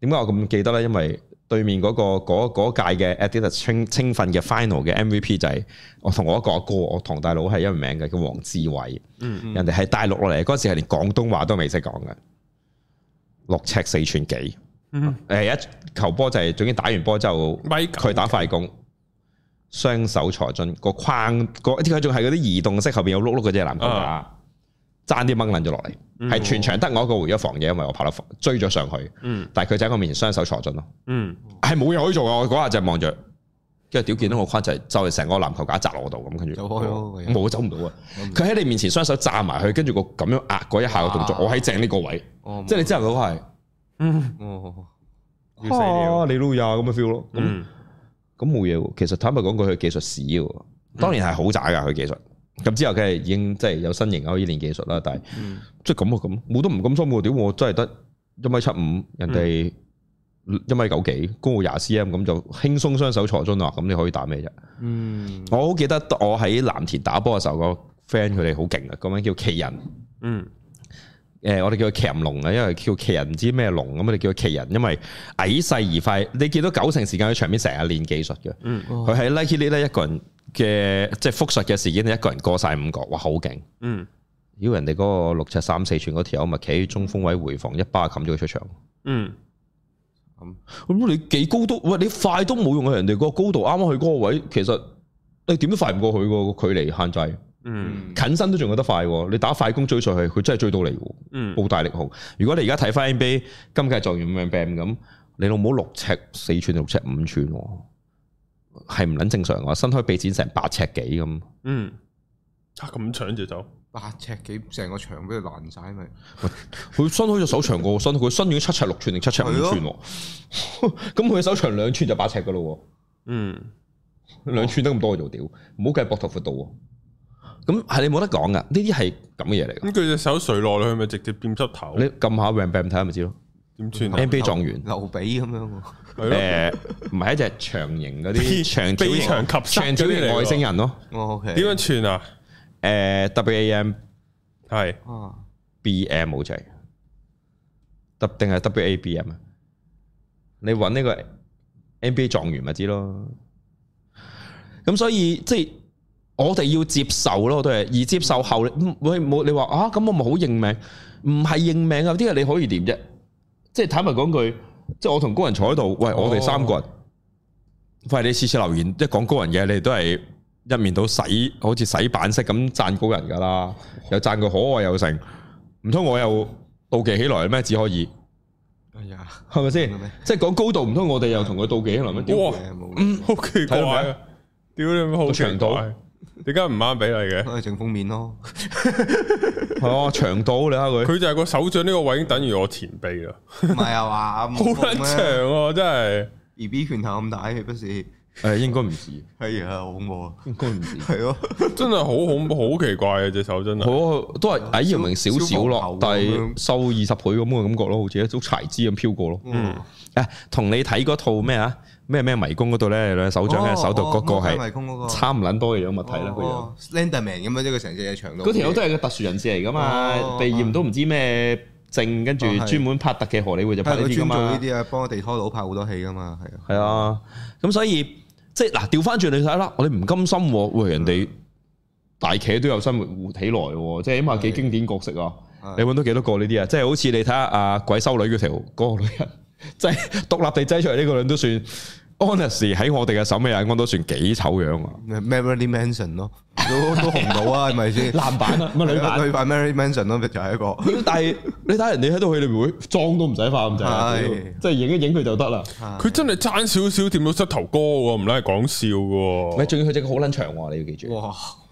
點解我咁記得呢？因為對面嗰、那個嗰嗰屆嘅 Adidas 青訓嘅 Final 嘅 MVP 就係、是、我同我一個阿哥，我堂大佬係一個名嘅，叫黃志偉。嗯嗯人哋係大陸落嚟，嗰時係連廣東話都未識講嘅，六尺四寸幾。嗯,嗯，誒，一球波就係、是、總之打完波之後，佢打快攻。雙手才進個框，個佢仲係嗰啲移動式後邊有碌碌嘅隻籃球架，爭啲掹捻咗落嚟，係全場得我一個回咗防嘢，因為我跑得快追咗上去，但係佢就喺我面前雙手才進咯，係冇嘢可以做啊，我嗰下就係望住，跟住屌見到個框就係就係成個籃球架砸落我度咁，跟住冇走唔到啊，佢喺你面前雙手炸埋去，跟住個咁樣壓嗰一下嘅動作，我喺正呢個位，即係你之後嗰個係，哦，啊，你都廿咁嘅 feel 咯，咁。咁冇嘢喎，其實坦白講句，佢技術屎喎。當然係好渣㗎佢技術，咁之後佢係已經即係有身形可以練技術啦。但係、嗯、即係咁咁，冇都唔甘心喎。屌我真係得一米七五，人哋一米九幾高我廿 CM，咁、嗯、就輕鬆雙手坐樽啦。咁你可以打咩啫？嗯、我好記得我喺藍田打波嘅時候，個 friend 佢哋好勁啊，咁樣叫奇人。嗯誒、呃，我哋叫佢騎人龍啊，因為叫騎人唔知咩龍咁、嗯、我哋叫佢騎人，因為矮細而快。你見到九成時間喺場面成日練技術嘅，佢喺 lucky 咧一個人嘅即係復述嘅時間，一個人過晒五個，哇，好勁！嗯、呃，妖人哋嗰個六尺三四寸嗰條友咪企喺中鋒位回防一巴冚咗佢出場、嗯。嗯，咁、嗯、咁、哎、你幾高都喂你快都冇用啊！人哋個高度啱啱去嗰個位，其實你點都快唔過佢喎，個距離限制。嗯，近身都仲有得快、哦，你打快攻追上去，佢真係追到嚟嘅、哦。嗯，澳大利號，如果你而家睇翻 NBA，今屆狀元 Ben 咁，嗯嗯、你老母六尺四寸六尺五寸，係唔捻正常嘅，身開臂展成八尺幾咁。嗯，咁、啊、長隻 手,手,手,手，八尺幾成個場俾佢爛晒咪？佢身開隻手長過我身，佢身遠七尺六寸定七尺五寸，咁佢手長兩寸就八尺噶咯。嗯，兩、啊、寸都咁多做屌，唔好計膊頭闊度。咁係你冇得講噶，呢啲係咁嘅嘢嚟。咁佢隻手垂落去，咪直接掂膝頭。你撳下 ram b a 睇下咪知咯。點串啊 NBA 狀元，牛比咁樣，啊。係誒、呃，唔係 一隻長形嗰啲長條形及長條形外星人咯。哦，OK。點樣串啊？誒，W A M 係。B M 好似係。特定係 W A B M 啊？你搵呢個 NBA 狀元咪知咯。咁所以即係。我哋要接受咯，都係而接受後，唔冇你話啊咁，我咪好認命？唔係認命啊！有啲嘢你可以點啫？即係坦白講句，即係我同高人坐喺度，喂，我哋三個人，哦、喂，你次次留言，即係講高人嘢，你哋都係一面倒洗，好似洗版式咁讚高人噶啦，又讚佢可愛又成，唔通我又妒忌起來咩？只可以哎呀，係咪先？即係講高度唔通我哋又同佢妒忌起來咩，哇、哦！嗯、看了 好奇怪，屌你好奇怪。啊點解唔啱俾你嘅？我係整封面咯，係咯，長到你睇下佢。佢就係個手掌呢個位已經等於我前臂啦。唔係啊嘛，好長啊，真係。B B 拳頭咁大，豈不是？誒，應該唔係。係啊，好恐怖啊，應該唔係。係咯，真係好恐怖，好奇怪啊！隻手真係，好都係矮姚明少少咯，但係瘦二十倍咁嘅感覺咯，好似一種柴枝咁飄過咯。嗯，誒，同你睇嗰套咩啊？咩咩迷宮嗰度咧，手掌嘅手度，個個係差唔捻多嘅樣物體啦，嗰樣、哦。Slenderman 咁樣即係成隻嘢長到。嗰條都係個特殊人士嚟噶嘛，鼻炎都唔知咩證，跟住專門拍特嘅荷里活就拍呢啲噶做呢啲啊，幫我哋拖佬拍好多戲噶嘛，係、嗯、啊。係啊，咁所以即係嗱，調翻轉你睇啦，我哋唔甘心喎，喂人哋大企都有生活活起來喎、啊，即係起碼幾經典角色啊，的你搵到幾多個呢啲啊？即係好似你睇下阿鬼修女嗰條嗰個女人。即係獨立地擠出嚟呢個人都算。Annis 喺我哋嘅審美眼光都算幾醜樣啊！Memory Mansion 咯，都都紅到啊，係咪先男版啊？唔係女版，女版 Memory Mansion 咯，就係一個。但係你睇人哋喺度佢哋會妝都唔使化咁滯，即係影一影佢就得啦。佢真係爭少少掂到膝頭哥喎，唔拉係講笑嘅。唔仲要佢隻腳好捻長喎，你要記住。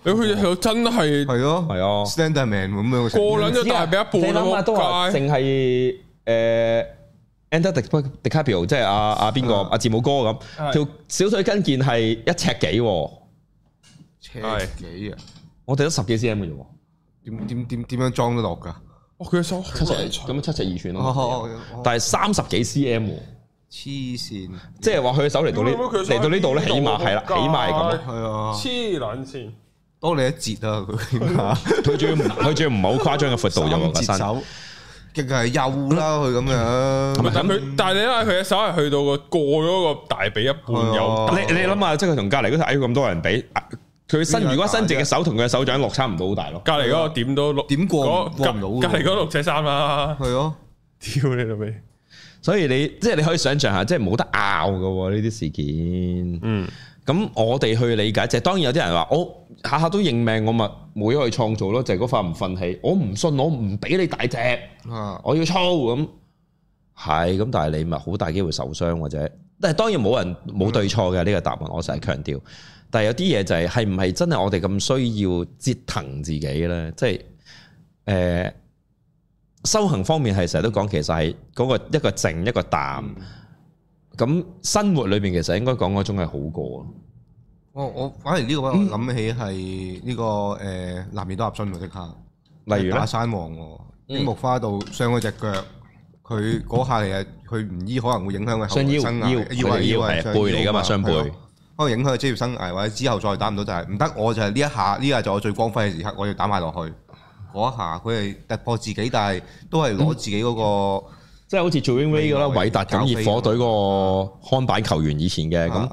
你去隻真係係咯，係啊，Standard Man，咁過兩都大髀，一半啦，淨係誒。André d e c a p i o 即係阿阿邊個阿字母哥咁，條小腿跟腱係一尺幾？尺幾啊？我哋得十幾 cm 嘅啫，點點點點樣裝得落噶？哦，佢嘅手七尺二寸，咁七尺二寸咯。但係三十幾 cm，黐線。即係話佢嘅手嚟到呢，嚟到呢度咧，起碼係啦，起碼係咁。係啊，黐捻線，多你一截啊！佢佢仲要佢仲要唔係好誇張嘅闊度有冇個身。勁係幼啦佢咁樣，但佢但你睇佢嘅手係去到個過咗個大髀一半有，你你諗下即係佢同隔籬嗰頭矮咁多人比，佢伸如果伸直嘅手同佢嘅手掌落差唔到好大咯，隔籬嗰個點都六點過過唔到，隔籬六尺三啦，係咯，屌你老味，所以你即係你可以想象下，即係冇得拗噶呢啲事件，嗯。咁我哋去理解就係當然有啲人話我下下都認命，我咪冇嘢去創造咯，就係嗰塊唔忿氣。我唔信，我唔俾你大隻，啊、我要操。咁，係咁。但係你咪好大機會受傷或者。但係當然冇人冇對錯嘅呢、嗯、個答案，我成日強調。但係有啲嘢就係係唔係真係我哋咁需要折騰自己咧？即係誒修行方面係成日都講，其實係嗰個一個靜一個淡。嗯。咁生活裏面其實應該講嗰種係好過啊！我、哦、我反而呢個我諗起係呢、這個誒、嗯呃、男兒當入樽喎，即刻例如打山王喎，木花道傷嗰隻腳，佢嗰下嚟，其實佢唔醫，可能會影響佢後生生涯，以是為背嚟噶嘛，傷背可能影響佢職業生涯，或者之後再打唔到就係唔得，我就係呢一下呢下就我最光輝嘅時刻，我要打埋落去嗰一下佢係突破自己，但係都係攞自己嗰個、嗯。即係好似 Joey 啦，偉達咁熱火隊個看板球員以前嘅咁，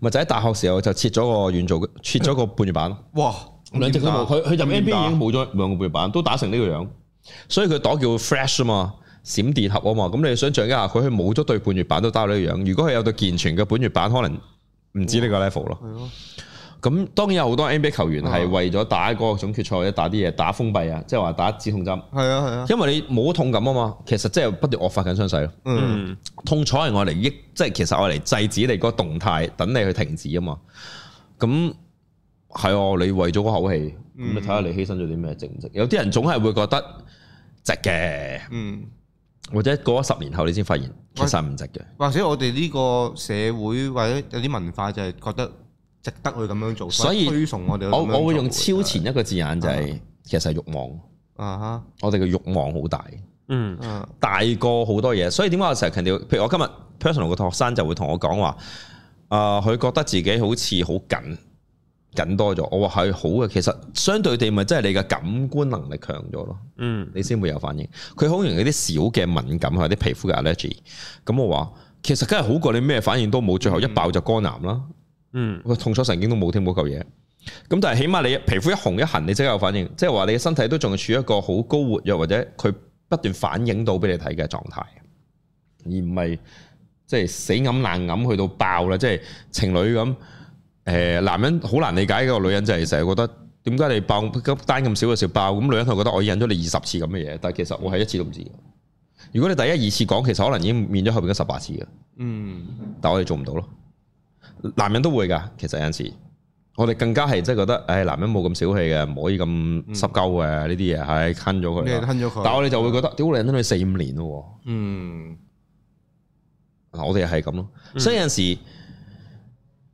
咪就喺大學時候就切咗個軟造，切咗個半月板。哇，兩隻都冇，佢佢就 NBA 已經冇咗兩個半月板，都打成呢個樣。所以佢朵叫 Flash 啊嘛，閃電俠啊嘛。咁你想象一下佢，佢冇咗對半月板都打到呢個樣。如果佢有對健全嘅半月板，可能唔止呢個 level 咯。咁當然有好多 NBA 球員係為咗打嗰個總決賽或者打啲嘢打封閉啊，即係話打止痛針。係啊係啊，因為你冇痛感啊嘛，其實即係不斷惡化緊傷勢咯。嗯，嗯，痛楚係我嚟抑，即係其實我嚟制止你嗰個動態，等你去停止，嗯，啊嘛。咁係喎，你為咗嗰口氣，咁你睇下你犧牲咗啲咩值唔值？有啲人總係會覺得值嘅，嗯，或者過咗十年後你先發現其實唔值嘅。或者我哋呢個社會或者有啲文化就係覺得。值得去咁樣做，所以推崇我哋。我我會用超前一個字眼、就是，就係、uh huh. 其實係慾望。啊嚇、uh！Huh. 我哋嘅慾望好大。嗯、uh，huh. 大過好多嘢。所以點解我成日強調？譬如我今日 personal 嘅學生就會同我講話，啊、呃，佢覺得自己好似好緊緊多咗。我話係好嘅，其實相對地咪真係你嘅感官能力強咗咯。嗯、uh，huh. 你先會有反應。佢好容易有啲小嘅敏感啊，啲皮膚嘅 allergy。咁我話其實梗係好過你咩反應都冇，最後一爆就肝癌啦。Uh huh. 嗯，痛楚神經都冇添嗰嚿嘢，咁但係起碼你皮膚一紅一痕，你即刻有反應，即係話你嘅身體都仲處於一個好高活躍或者佢不斷反映到俾你睇嘅狀態，而唔係即係死揞爛揞去到爆啦，即係情侶咁，誒，男人好難理解嘅個女人就係成日覺得點解你爆單咁少嘅時候爆，咁女人就覺得我忍咗你二十次咁嘅嘢，但係其實我係一次都唔知，如果你第一二次講，其實可能已經面咗後邊十八次嘅，嗯，但係我哋做唔到咯。男人都會㗎，其實有陣時，我哋更加係即係覺得，唉、嗯哎，男人冇咁小氣嘅，唔可以咁濕鳩嘅呢啲嘢，唉，坑咗佢，但係我哋就會覺得，屌你、嗯，坑咗你四五年咯、嗯。嗯，我哋係咁咯，所以有陣時，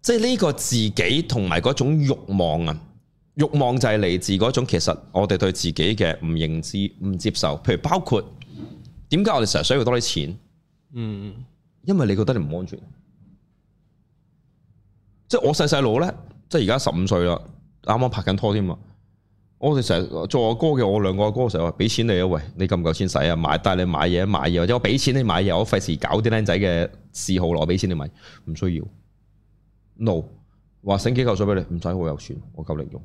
即係呢個自己同埋嗰種欲望啊，欲望就係嚟自嗰種，其實我哋對自己嘅唔認知、唔接受，譬如包括，點解我哋成日想要多啲錢？嗯，因為你覺得你唔安全。即係我細細佬咧，即係而家十五歲啦，啱啱拍緊拖添嘛。我哋成日做我哥嘅，我兩個阿哥成日話俾錢你啊，喂，你夠唔夠錢使啊？買帶你買嘢買嘢，或者我俾錢你買嘢，我費事搞啲僆仔嘅嗜好落，俾錢你買唔需要。No，話醒幾嚿水俾你，唔使好有錢，我夠力用。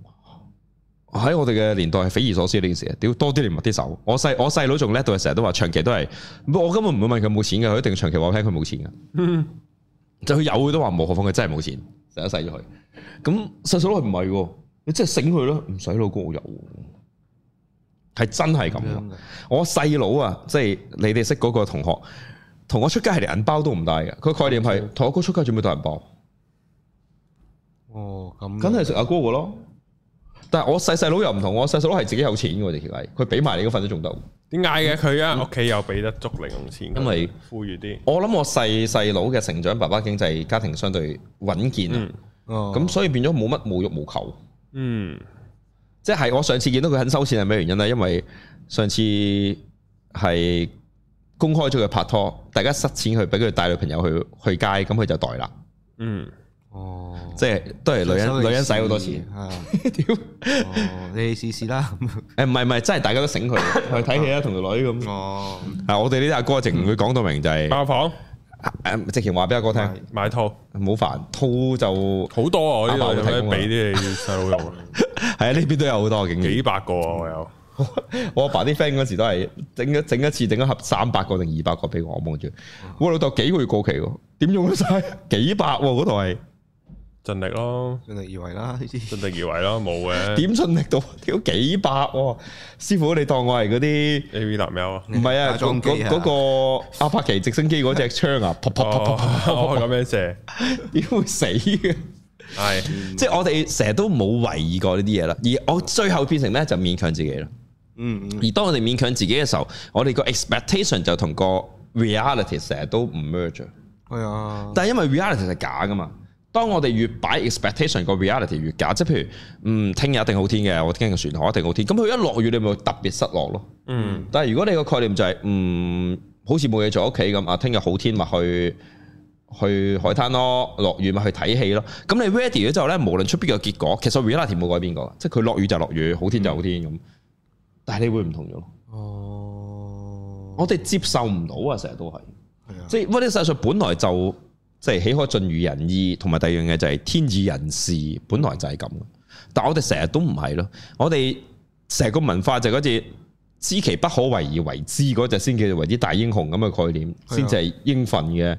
喺我哋嘅年代係匪夷所思呢件事啊！屌多啲你抹啲手，我細我細佬仲叻到，成日都話長期都係，我根本唔會問佢冇錢噶，佢一定長期話聽佢冇錢噶。 就佢有都話冇，何況佢真係冇錢。第一世咗去，咁細細佬唔係喎，你即係醒佢咯，唔使老公入喎，係真係咁。我細佬啊，即係樣、就是、你哋識嗰個同學，同我出街係連銀包都唔帶嘅，佢概念係同阿哥，哥出街準備揼銀包。哦，咁梗係食阿哥嘅咯。但係我細細佬又唔同，我細細佬係自己有錢嘅，我哋其實佢俾埋你嗰份都仲得。點嗌嘅佢啊？屋企、嗯、又俾得足零用錢，因為富裕啲。我諗我細細佬嘅成長，爸爸經濟家庭相對穩健啊。咁、嗯哦、所以變咗冇乜無欲無求。嗯，即係我上次見到佢肯收錢係咩原因呢？因為上次係公開咗佢拍拖，大家塞錢去俾佢帶女朋友去去街，咁佢就袋啦。嗯。哦，即係都係女人女人使好多錢，屌，你試試啦，誒唔係唔係，真係大家都醒佢，去睇戲啦，同條女咁。哦，嗱我哋呢啲阿哥直唔會講到明就係買房，直情話俾阿哥聽買套，唔好煩，套就好多啊，呢度有咩俾啲細佬用？係啊，呢邊都有好多，幾百個啊我有，我阿爸啲 friend 嗰時都係整一整一次整一盒三百個定二百個俾我，我望住，我老豆幾個月過期喎，點用得晒？幾百嗰台。盡力咯，盡力而為啦，呢啲盡力而為咯，冇嘅。點盡力到屌幾百，啊？師傅，你當我係嗰啲 A V 男優啊？唔係啊，嗰嗰個阿帕、那個啊、奇直升機嗰隻槍啊，扑扑扑扑扑咁樣射，點會死嘅？係、 哎，即係我哋成日都冇懷疑過呢啲嘢啦。而我最後變成咧，就勉強自己咯、嗯。嗯。而當我哋勉強自己嘅時候，我哋個 expectation 就同個 reality 成日都唔 merge。係啊、哎呀。但係因為 reality 係假噶嘛。當我哋越擺 expectation，個 reality 越假。即係譬如，嗯，聽日一定好天嘅，我聽日嘅船河一定好天。咁佢一落雨，你咪會特別失落咯。嗯。但係如果你個概念就係、是，嗯，好似冇嘢做屋企咁啊，聽日好天，咪去去海灘咯。落雨咪去睇戲咯。咁你 ready 咗之後咧，無論出邊個結果，其實 reality 冇改變過，即係佢落雨就落雨，好天就好天咁。嗯、但係你會唔同咗咯？哦，我哋接受唔到啊！成日都係，係啊，即係，what is actually 本來就。即係豈可盡如人意，同埋第二樣嘢就係天意人事，本來就係咁。但係我哋成日都唔係咯，我哋成個文化就嗰隻知其不可為而為之嗰隻，先叫做為之大英雄咁嘅概念，先至係英憤嘅。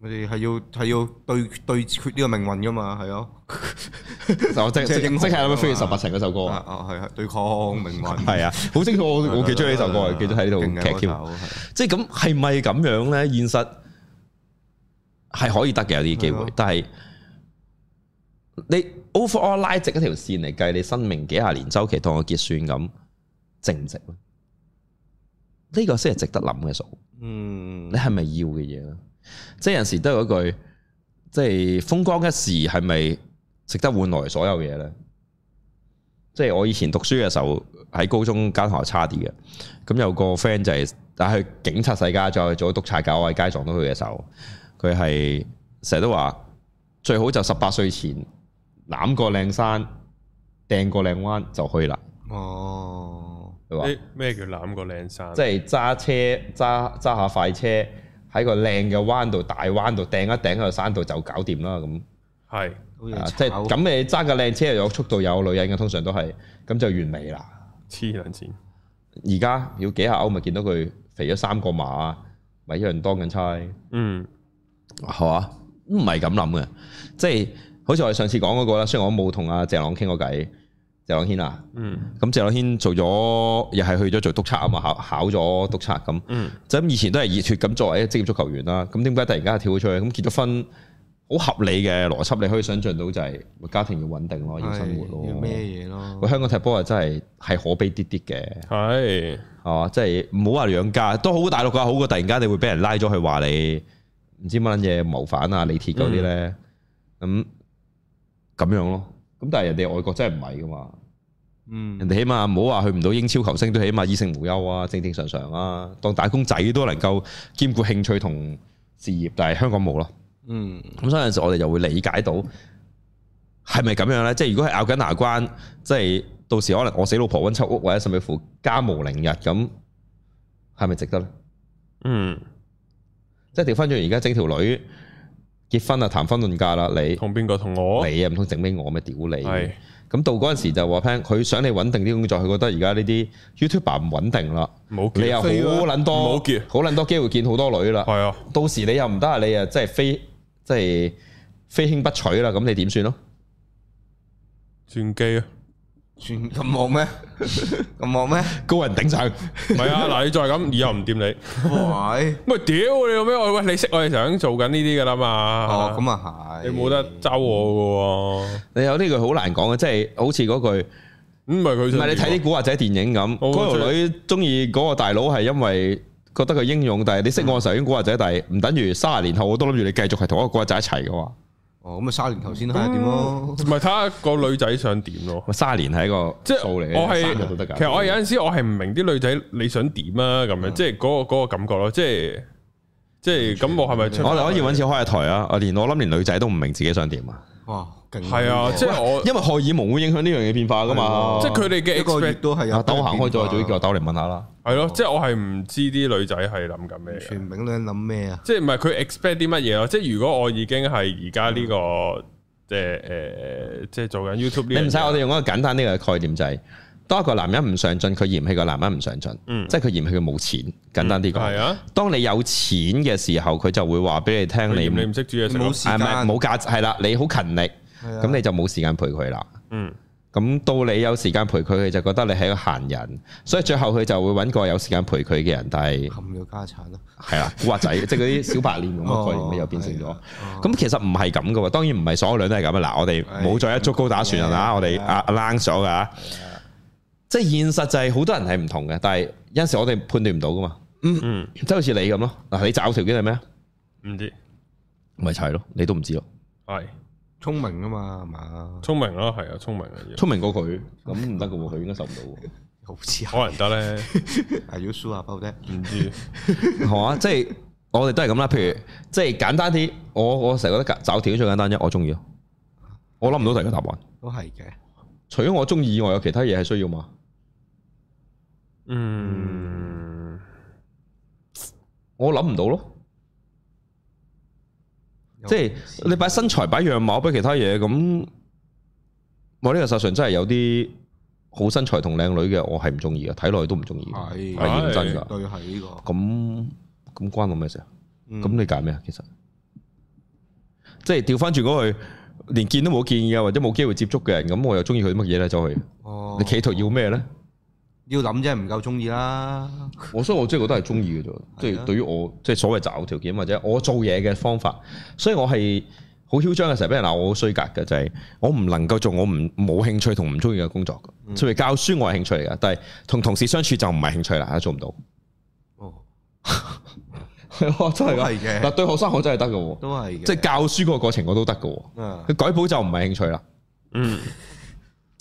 我哋係要係要對對決呢個命運噶嘛？係咯，就 即係即係，認識係飛越十八層嗰首歌，係、啊哦、對抗命運，係啊，好清楚。我我幾中意呢首歌，記得喺度劇添。即係咁，係咪咁樣咧？現實。集係可以得嘅有啲機會，Yeah. 但係你 overall 拉直一條線嚟計，你生命幾廿年周期當我結算咁值唔值？呢、這個先係值得諗嘅數。嗯，mm. 你係咪要嘅嘢咧？即係有時都係嗰句，即係風光一時係咪值得換來所有嘢呢？即係我以前讀書嘅時候喺高中間學差啲嘅，咁有個 friend 就係、是、去警察世家做做督察，我喺街撞到佢嘅時候。佢係成日都話最好就十八歲前攬過靚山掟過靚彎就去啦。哦，係嘛吧？咩叫攬過靚山？即係揸車揸揸下快車喺個靚嘅彎度、大彎度掟一掟喺個山度就搞掂啦。咁係，啊，即係咁你揸個靚車有速度有女人嘅，通常都係咁就完美啦。黐撚線，而家要幾下勾咪見到佢肥咗三個碼，咪一樣當緊差。嗯。係嘛？唔係咁諗嘅，即係好似我哋上次講嗰、那個啦。雖然我冇同阿鄭朗傾過偈，鄭朗軒啊，嗯，咁鄭朗軒做咗，又係去咗做督察啊嘛，考考咗督察咁，嗯，就咁以前都係熱血咁作為一個職業足球員啦。咁點解突然間跳出去咁結咗婚？好合理嘅邏輯，你可以想象到就係、是、家庭要穩定咯，要生活咯，要咩嘢咯？香港踢波是啊，真係係可悲啲啲嘅，係係嘛？即係唔好話養家都好大，大陸嘅好過突然間你會俾人拉咗去話你。唔知乜嘢謀反啊、李鐵嗰啲呢，咁咁、嗯嗯、樣咯。咁但係人哋外國真係唔係噶嘛，嗯，人哋起碼唔好話去唔到英超球星，都起碼衣食無憂啊，正正常常啊，當打工仔都能夠兼顧興趣同事業，但係香港冇咯，嗯。咁所以有陣時我哋就會理解到，係咪咁樣呢？嗯、即係如果係咬緊牙關，即係到時可能我死老婆温出屋，或者甚至乎家無寧日咁，係咪值得呢？嗯。即係調返轉，而家整條女結婚啊，談婚論嫁啦，你同邊個同我？你啊唔通整俾我咩？屌你！係咁是到嗰陣時就話聽佢想你穩定啲工作，佢覺得而家呢啲 YouTuber 唔穩定啦，冇你又好捻多，好捻多機會見好多女啦。係啊，到時你又唔得，你啊真係非真係、即係、非卿不娶啦，咁你點算咯？轉機啊！全咁忙咩？咁忙咩？ 高人頂上，唔係啊！嗱，你再咁，以後唔掂你。 喂，喂，屌你有咩？喂，你識我哋想做緊呢啲噶啦嘛？哦，咁啊係。你冇得周我噶。你有呢句好難講嘅，即係好似嗰句，唔係佢唔係你睇啲古惑仔電影咁，嗰條、哦、女中意嗰個大佬係因為覺得佢英勇，但係你識我嘅時候已經古惑仔，嗯、但係唔等於卅年後我都諗住你繼續係同一個古惑仔一齊噶。哦，咁咪卅年頭先咯，睇下點咯。唔係睇下個女仔想點咯。卅年係一個即係數嚟，卅歲其實我有陣時我係唔明啲女仔你想點啊，咁樣即係嗰個個感覺咯。即係即係咁，我係咪我我可以搵次開下台啊？我連我諗連女仔都唔明自己想點啊。哇係啊，即係我因為荷爾蒙會影響呢樣嘢變化噶嘛，即係佢哋嘅 expect 都係啊，兜行開咗，早叫我兜嚟問下啦。係咯，即係我係唔知啲女仔係諗緊咩，全明你諗咩啊？即係唔係佢 expect 啲乜嘢咯？即係如果我已經係而家呢個，即係誒，即係做緊 YouTube，你唔使我哋用一個簡單啲嘅概念，就係當一個男人唔上進，佢嫌棄個男人唔上進，即係佢嫌棄佢冇錢。簡單啲講，係啊。當你有錢嘅時候，佢就會話俾你聽你你唔識煮嘢食，係咪冇價值？係啦，你好勤力。咁你就冇時間陪佢啦。嗯，咁到你有時間陪佢，佢就覺得你係一個閒人，所以最後佢就會揾個有時間陪佢嘅人，但係冚咗家產咯。係啦，古惑仔即係嗰啲小白臉咁嘅概念又變成咗。咁其實唔係咁噶喎，當然唔係所有女都係咁啊。嗱，我哋冇再一捉高打船啊，我哋啊啊冷咗噶。即係現實就係好多人係唔同嘅，但係有陣時我哋判斷唔到噶嘛。嗯嗯，即係好似你咁咯。嗱，你找條件係咩啊？唔知，咪齊咯，你都唔知咯，係。聰明啊嘛，係嘛？聰明咯，係啊，聰明，聰明過佢，咁唔得噶喎，佢應該受唔到。好似可能得咧，係要輸下包啫，唔知。係嘛？即係我哋都係咁啦。譬如，即係簡單啲，我我成日覺得找條最簡單啫，我鍾意。我諗唔到第二個答案。都係嘅。除咗我鍾意以外，有其他嘢係需要嘛？嗯， 我諗唔到咯。即係你擺身材擺樣貌俾其他嘢咁，我呢、這個世上真係有啲好身材同靚女嘅，我係唔中意嘅，睇落去都唔中意，係的認真噶。對，係呢個。咁咁關我咩事啊？咁、嗯、你揀咩啊？其實，即係掉翻轉過去，連見都冇見嘅，或者冇機會接觸嘅人，咁我又中意佢乜嘢咧？走去，你企圖要咩咧？要諗，即係唔夠中意啦。我所以，我即係我覺得係中意嘅啫。即係對於我，即係所謂擇偶條件或者我做嘢嘅方法，所以我係好囂張嘅時候，俾人鬧我好衰格嘅就係我唔能夠做我唔冇興趣同唔中意嘅工作。雖然教書我係興趣嚟噶，但係同同事相處就唔係興趣啦，做唔到。哦 的，真係嘅。嗱，對學生我真係得嘅，都係嘅。即係教書嗰個過程我都得嘅。佢改簿就唔係興趣啦。嗯。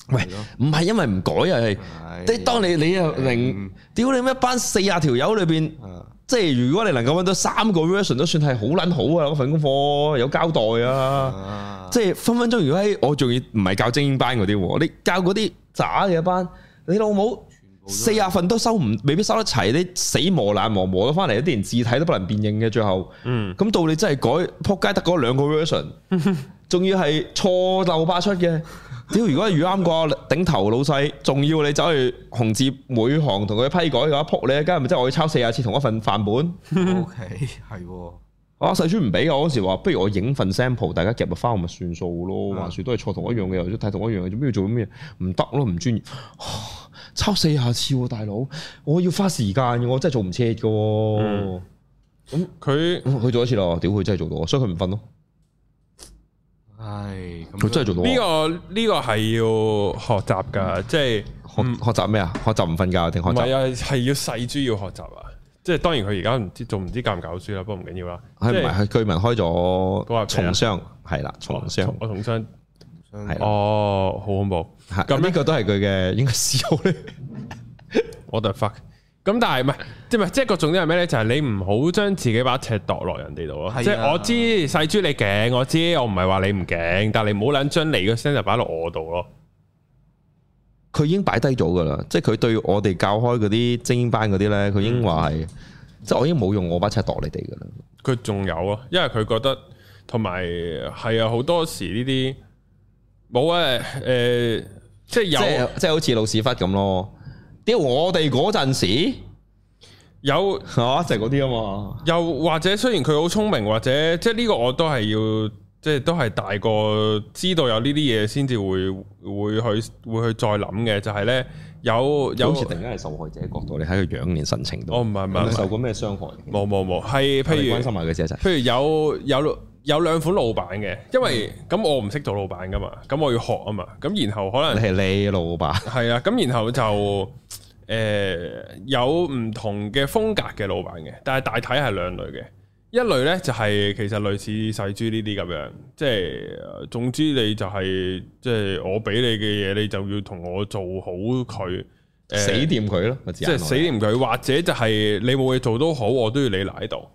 喂，唔係因為唔改啊，係、哎呀，你當、嗯、你你又零，屌你乜一班四十條友裏邊，啊、即係如果你能夠揾到三個 version 都算係好捻好啊，嗰份功課有交代啊，啊即係分分鐘如果係我仲要唔係教精英班嗰啲，我你教嗰啲渣嘅班，你老母四十份都收唔，未必收得齊，你死磨爛磨磨咗返嚟，一啲連字體都不能辨認嘅最後，咁、嗯、到你真係改撲街得嗰兩個 version，仲 要係錯漏百出嘅。只要如果遇啱個頂頭老細，仲要你走去紅字每行同佢批改嘅話，撲你啊！咁係咪真係我要抄四下次同一份範本？O K，係喎。Okay，哦、啊，細川唔俾我嗰時話，不如我影份 sample，大家夾埋我咪算數咯。還、嗯、是都係錯同一樣嘅，又睇同一樣嘅，做咩要做咩？唔得咯，唔專業。哦、抄四下次、啊，大佬，我要花時間嘅，我真係做唔切嘅。咁佢佢做一次咯，屌佢真係做到，所以佢唔瞓咯。係，呢、哎、個呢個係要學習噶，即係學習咩啊？學習唔瞓覺定學習？唔係啊，係要細豬要學習啊！即係當然佢而家唔知仲唔知教唔教書啦，不過唔緊要啦。佢唔係佢唔係開咗話重商係啦，重商我、哦、重商了哦，好恐怖！咁、啊、呢個都係佢嘅應該嗜好咧。我都係 f 咁但係唔係，即係唔係，即係個重點係咩咧？就係、是就是、你唔好將自己把尺度落人哋度咯。即係、啊、我知細豬你勁，我知我唔係話你唔勁，但係你唔好諗將你個聲就擺落我度咯。佢已經擺低咗噶啦，即係佢對我哋教開嗰啲精英班嗰啲咧，佢已經話係，即係、嗯、我已經冇用我把尺度，度你哋噶啦。佢仲有、有、啊、有啊，因為佢覺得同埋係啊，好多時呢啲冇啊，誒，即係有，即係、就是就是、好似老屎忽咁咯。屌！我哋嗰陣時有嚇就係嗰啲啊嘛，又或者雖然佢好聰明，或者即係呢個我都係要，即係都係大個知道有呢啲嘢先至會會去會去再諗嘅，就係咧有有好似突然間係受害者角度，你喺個樣連神情度，哦唔係唔係受過咩傷害，冇冇冇，係譬如關心埋佢自己，就譬如有有有兩款老闆嘅，因為咁我唔識做老闆㗎嘛，咁我要學啊嘛，咁然後可能係你老闆，係啊，咁然後就。誒、呃、有唔同嘅風格嘅老闆嘅，但係大體係兩類嘅。一類呢，就係、是、其實類似細豬呢啲咁樣，即係總之你就係即係我俾你嘅嘢，你就要同我做好佢，死掂佢咯。呃、即係死掂佢，或者就係你冇嘢做都好，我都要你留喺度。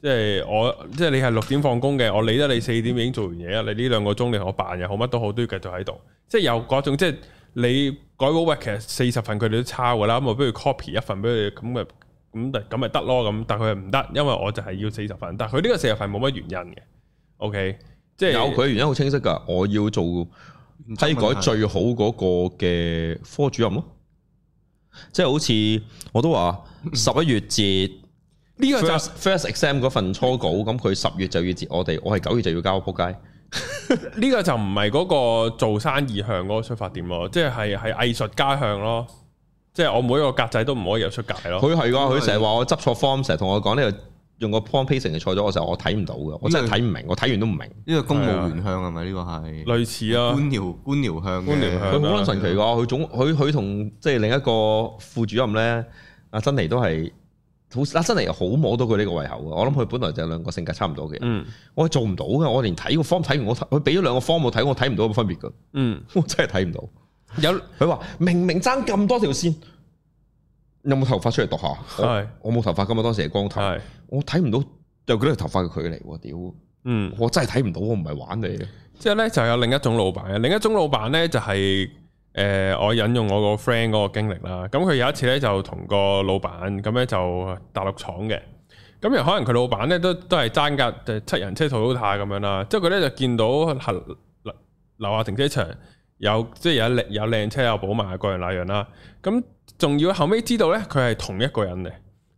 即係我即係你係六點放工嘅，我理得你四點已經做完嘢啊！你呢兩個鐘你同我辦嘢好乜都好，都要繼續喺度。即係有嗰種即係。你改個 work 其實四十份佢哋都抄噶啦，咁、嗯、我不如 copy 一份俾佢，咁咪咁咪咁咪得咯。咁但佢唔得，因為我就係要四十份。但佢呢個四十份冇乜原因嘅。O、OK? K，即係有佢原因好清晰噶。我要做批改最好嗰個嘅科主任咯。即係好似我都話十一月節呢、嗯、個就係、first, first exam 嗰份初稿，咁佢十月就要接我哋，我係九月就要交。我仆街。呢 個就唔係嗰個做生意向嗰個出發點咯，即係係藝術家向咯，即係我每一個格仔都唔可以有出格咯。佢係噶，佢成日話我執錯方，成日同我講呢、這個用個 form presentation 錯咗，我成日我睇唔到噶為，我真係睇唔明，我睇完都唔明。呢個公務員向係咪呢個係類似啊官僚官僚向官僚向，佢好撚神奇噶，佢總佢佢同即係另一個副主任咧，阿珍妮都係。好嗱，真係又好摸到佢呢個胃口啊！我諗佢本來就兩個性格差唔多嘅。嗯、我做唔到嘅，我連睇個方睇完我，我佢俾咗兩個方我睇，我睇唔到個分別嘅。嗯， 我真係睇唔到。有佢話明明爭咁多條線，有冇頭髮出嚟讀下？係我冇是頭髮，咁啊當時係光頭。是我睇唔到有幾多條頭髮嘅距離，屌！嗯，我真係睇唔到，我唔係玩你。之後咧，就有另一種老闆嘅，另一種老闆咧就係、是。誒、呃，我引用我個 friend 嗰個經歷啦。咁佢有一次咧就同個老闆，咁咧就大陸廠嘅。咁又可能佢老闆咧都都係爭隔就七人車、土佬塔咁樣啦。即係佢咧就見到行樓下停車場，有即係有一有靚車有寶馬嗰樣那樣啦。咁仲要後尾知道咧，佢係同一個人嘅，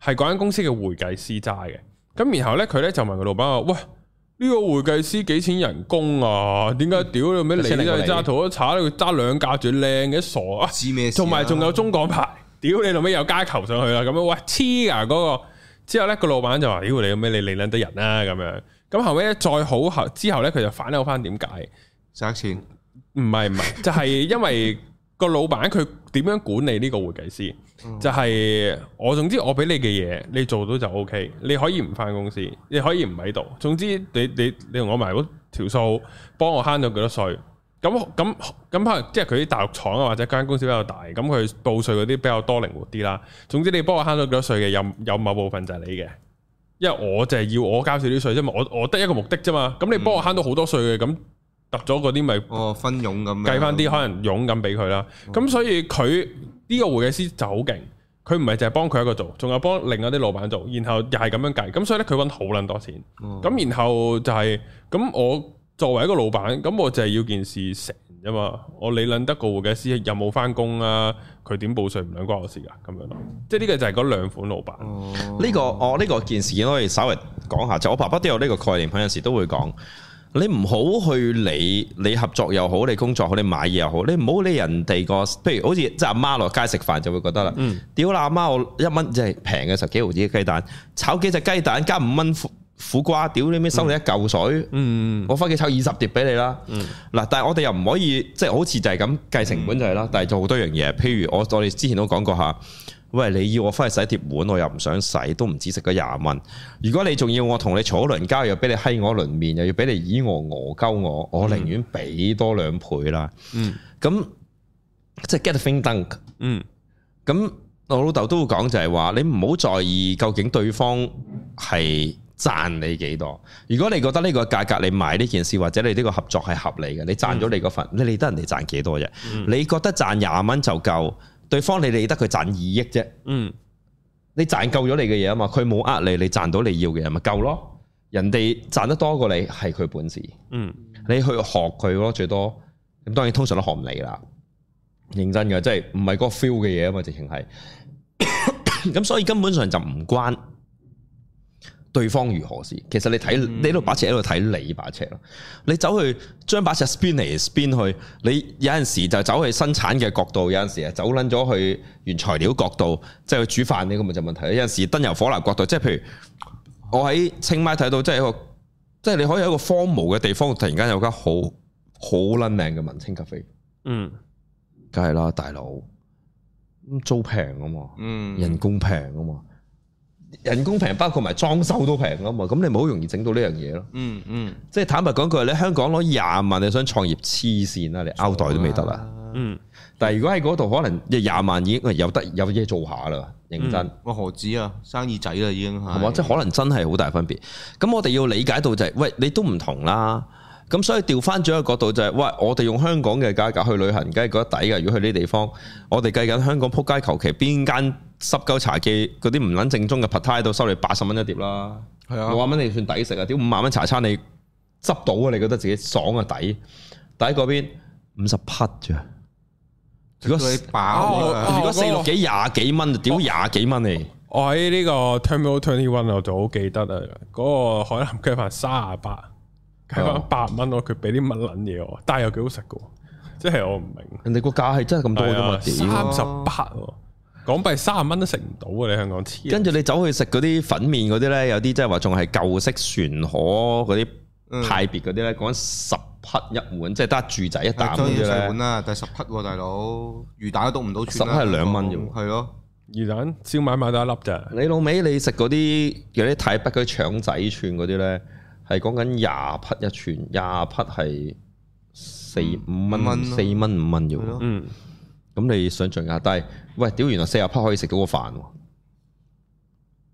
係嗰間公司嘅會計師齋嘅。咁然後咧佢咧就問佢老闆話：「喂！」呢個會計師幾錢人工啊？點解屌、嗯、你做咩你真係揸土都炒，你揸兩架最靚嘅傻啊！同埋仲有中港牌，屌你做咩有街球上去啦？咁樣喂黐，噶嗰個之後咧個老闆就話屌你做咩你你捻得人啊！」咁樣？咁後尾咧再好後之後咧佢就反咬翻點解？省錢唔係唔係就係、是、因為。 個老闆佢點樣管理呢個會計師？就係、是、我總之我俾你嘅嘢，你做到就 OK。你可以唔翻公司，你可以唔喺度。總之你你你同我埋嗰條數，幫我慳咗幾多稅。咁咁咁係即係佢啲大陸廠啊，或者間公司比較大，咁佢報稅嗰啲比較多靈活啲啦。總之你幫我慳咗幾多稅嘅，有，有某部分就係你嘅，因為我就係要我交少少稅，啫嘛。我我得一個目的啫嘛。咁你幫我慳到好多稅嘅咁。嗯揼咗嗰啲咪哦分傭咁樣計翻啲可能傭咁俾佢啦，咁、嗯、所以佢呢、呢個會計師就好勁，佢唔係淨係幫佢一個做，仲有幫另外啲老闆做，然後又係咁樣計，咁所以咧佢揾好撚多錢。咁、嗯、然後就係、是、咁，我作為一個老闆，咁我就係要件事成啫嘛。我理撚得個會計師有冇翻工啊？佢點報稅唔撚關我事噶，咁樣咯。即係呢個就係嗰兩款老闆。呢、嗯呢個我呢、哦呢個件事可以稍微講下，就是、我爸爸都有呢個概念，佢有陣時都會講。你唔好去理你合作又好，你工作好，你買嘢又好，你唔好理人哋個，譬如好似即係阿媽落街食飯就會覺得啦，屌啦阿媽，我一蚊即係平嘅，十幾毫子嘅雞蛋，炒幾隻雞蛋加五蚊苦瓜，屌你咩收你一嚿水，嗯嗯，我翻去炒二十碟俾你啦，嗱，嗯，但係我哋又唔可以即係、就是、好似就係咁計成本就係啦，嗯，但係做好多樣嘢，譬如我我哋之前都講過吓。喂，你要我翻去洗碟碗，我又唔想洗，都唔止食咗廿蚊。如果你仲要我同你嘈一輪交，又俾你閪我一輪面，又要俾你以我餓鳩、呃、我，我寧願俾多兩倍啦。嗯，咁即係 get thing done。嗯，咁我老豆都會講就係話，你唔好在意究竟對方係賺你幾多。如果你覺得呢個價格你買呢件事或者你呢個合作係合理嘅，你賺咗你嗰份，嗯、理得人哋賺幾多啫？嗯、你覺得賺廿蚊就夠。對方你理得佢賺二億啫，嗯，你賺夠咗你嘅嘢啊嘛，佢冇呃你，你賺到你要嘅嘢咪夠咯。人哋賺得多過你係佢本事，嗯，你去學佢咯，最多咁當然通常都學唔嚟啦。認真嘅，即係唔係嗰個 feel 嘅嘢啊嘛，直情係，咁 所以根本上就唔關。對方如何事？其實你睇呢度把尺，喺度睇你把尺咯。你走去將把尺 spin 嚟 spin 去，你有陣時就走去生產嘅角度，有陣時啊走撚咗去原材料角度，即係去煮飯呢個咪就問題。有陣時燈油火蠟角度，即係譬如我喺清邁睇到，即係一個即係你可以喺一個荒蕪嘅地方，突然間有間好好撚靚嘅文青咖啡。嗯，梗係啦，大佬，租平啊嘛，嗯，人工平啊嘛。嗯嗯。人工平，包括埋裝修都平啊嘛，咁你咪好容易整到呢樣嘢咯。嗯嗯，即係坦白講句你香港攞廿萬你想創業黐線啦，你 o 袋都未得啦。嗯，但係如果喺嗰度可能廿萬已經有得有嘢做下啦，認真。我、嗯、何止啊，生意仔啦已經係。係嘛，即可能真係好大分別。咁我哋要理解到就係、是，喂，你都唔同啦。咁所以調翻轉一個角度就係、是，喂，我哋用香港嘅價格去旅行，梗係覺得抵嘅。如果去呢啲地方，我哋計緊香港撲街求其邊間濕鳩茶記嗰啲唔撚正宗嘅 pasta 都收你八十蚊一碟啦。係啊的，六啊蚊你算抵食啊？屌五萬蚊茶餐你執到啊？你覺得自己爽啊？抵？抵嗰邊五十匹啫？如果八，如果四六幾廿幾蚊就屌廿幾蚊你。我喺呢個 Terminal 21我就好記得啊，嗰、那個海南雞飯三啊八。係翻八蚊咯，佢俾啲乜撚嘢喎？但係又幾好食嘅，即係我唔明。人哋個價係真係咁多啫嘛？三十八喎，啊啊、港幣三十蚊都食唔到啊！你香港黐。跟住你走去食嗰啲粉麵嗰啲咧，有啲即係話仲係舊式船河嗰啲派別嗰啲咧，講緊十、嗯、匹一碗，即係得住仔一啖嗰啲碗啦，但係十匹喎、啊，大佬魚蛋都篤唔到串。十匹係兩蚊啫喎。係咯，魚蛋燒賣賣得一粒咋？你老味，你食嗰啲有啲泰北嗰啲腸仔串嗰啲咧。係講緊廿匹一串，廿匹係四五蚊，蚊，四蚊五蚊嘅喎。嗯，咁、嗯、你想象下，但係喂，屌原來四十匹可以食到個飯。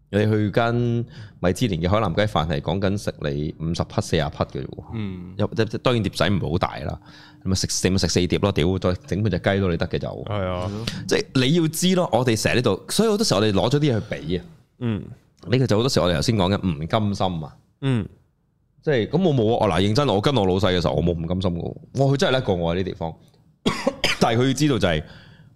你去間米芝蓮嘅海南雞飯係講緊食你五十匹四十匹嘅喎。嗯，又當然碟仔唔係好大啦。咁啊食四咪食四碟咯，屌再整半隻雞都你得嘅就好。係啊、嗯，即係你要知咯，我哋成日呢度，所以好多時候我哋攞咗啲嘢去畀啊。嗯，呢個就好多時候我哋頭先講嘅唔甘心啊。嗯。即係咁，我冇啊！嗱，認真我跟我老細嘅時候，我冇唔甘心嘅。哇我佢真係叻過我呢地方， 但係佢要知道就係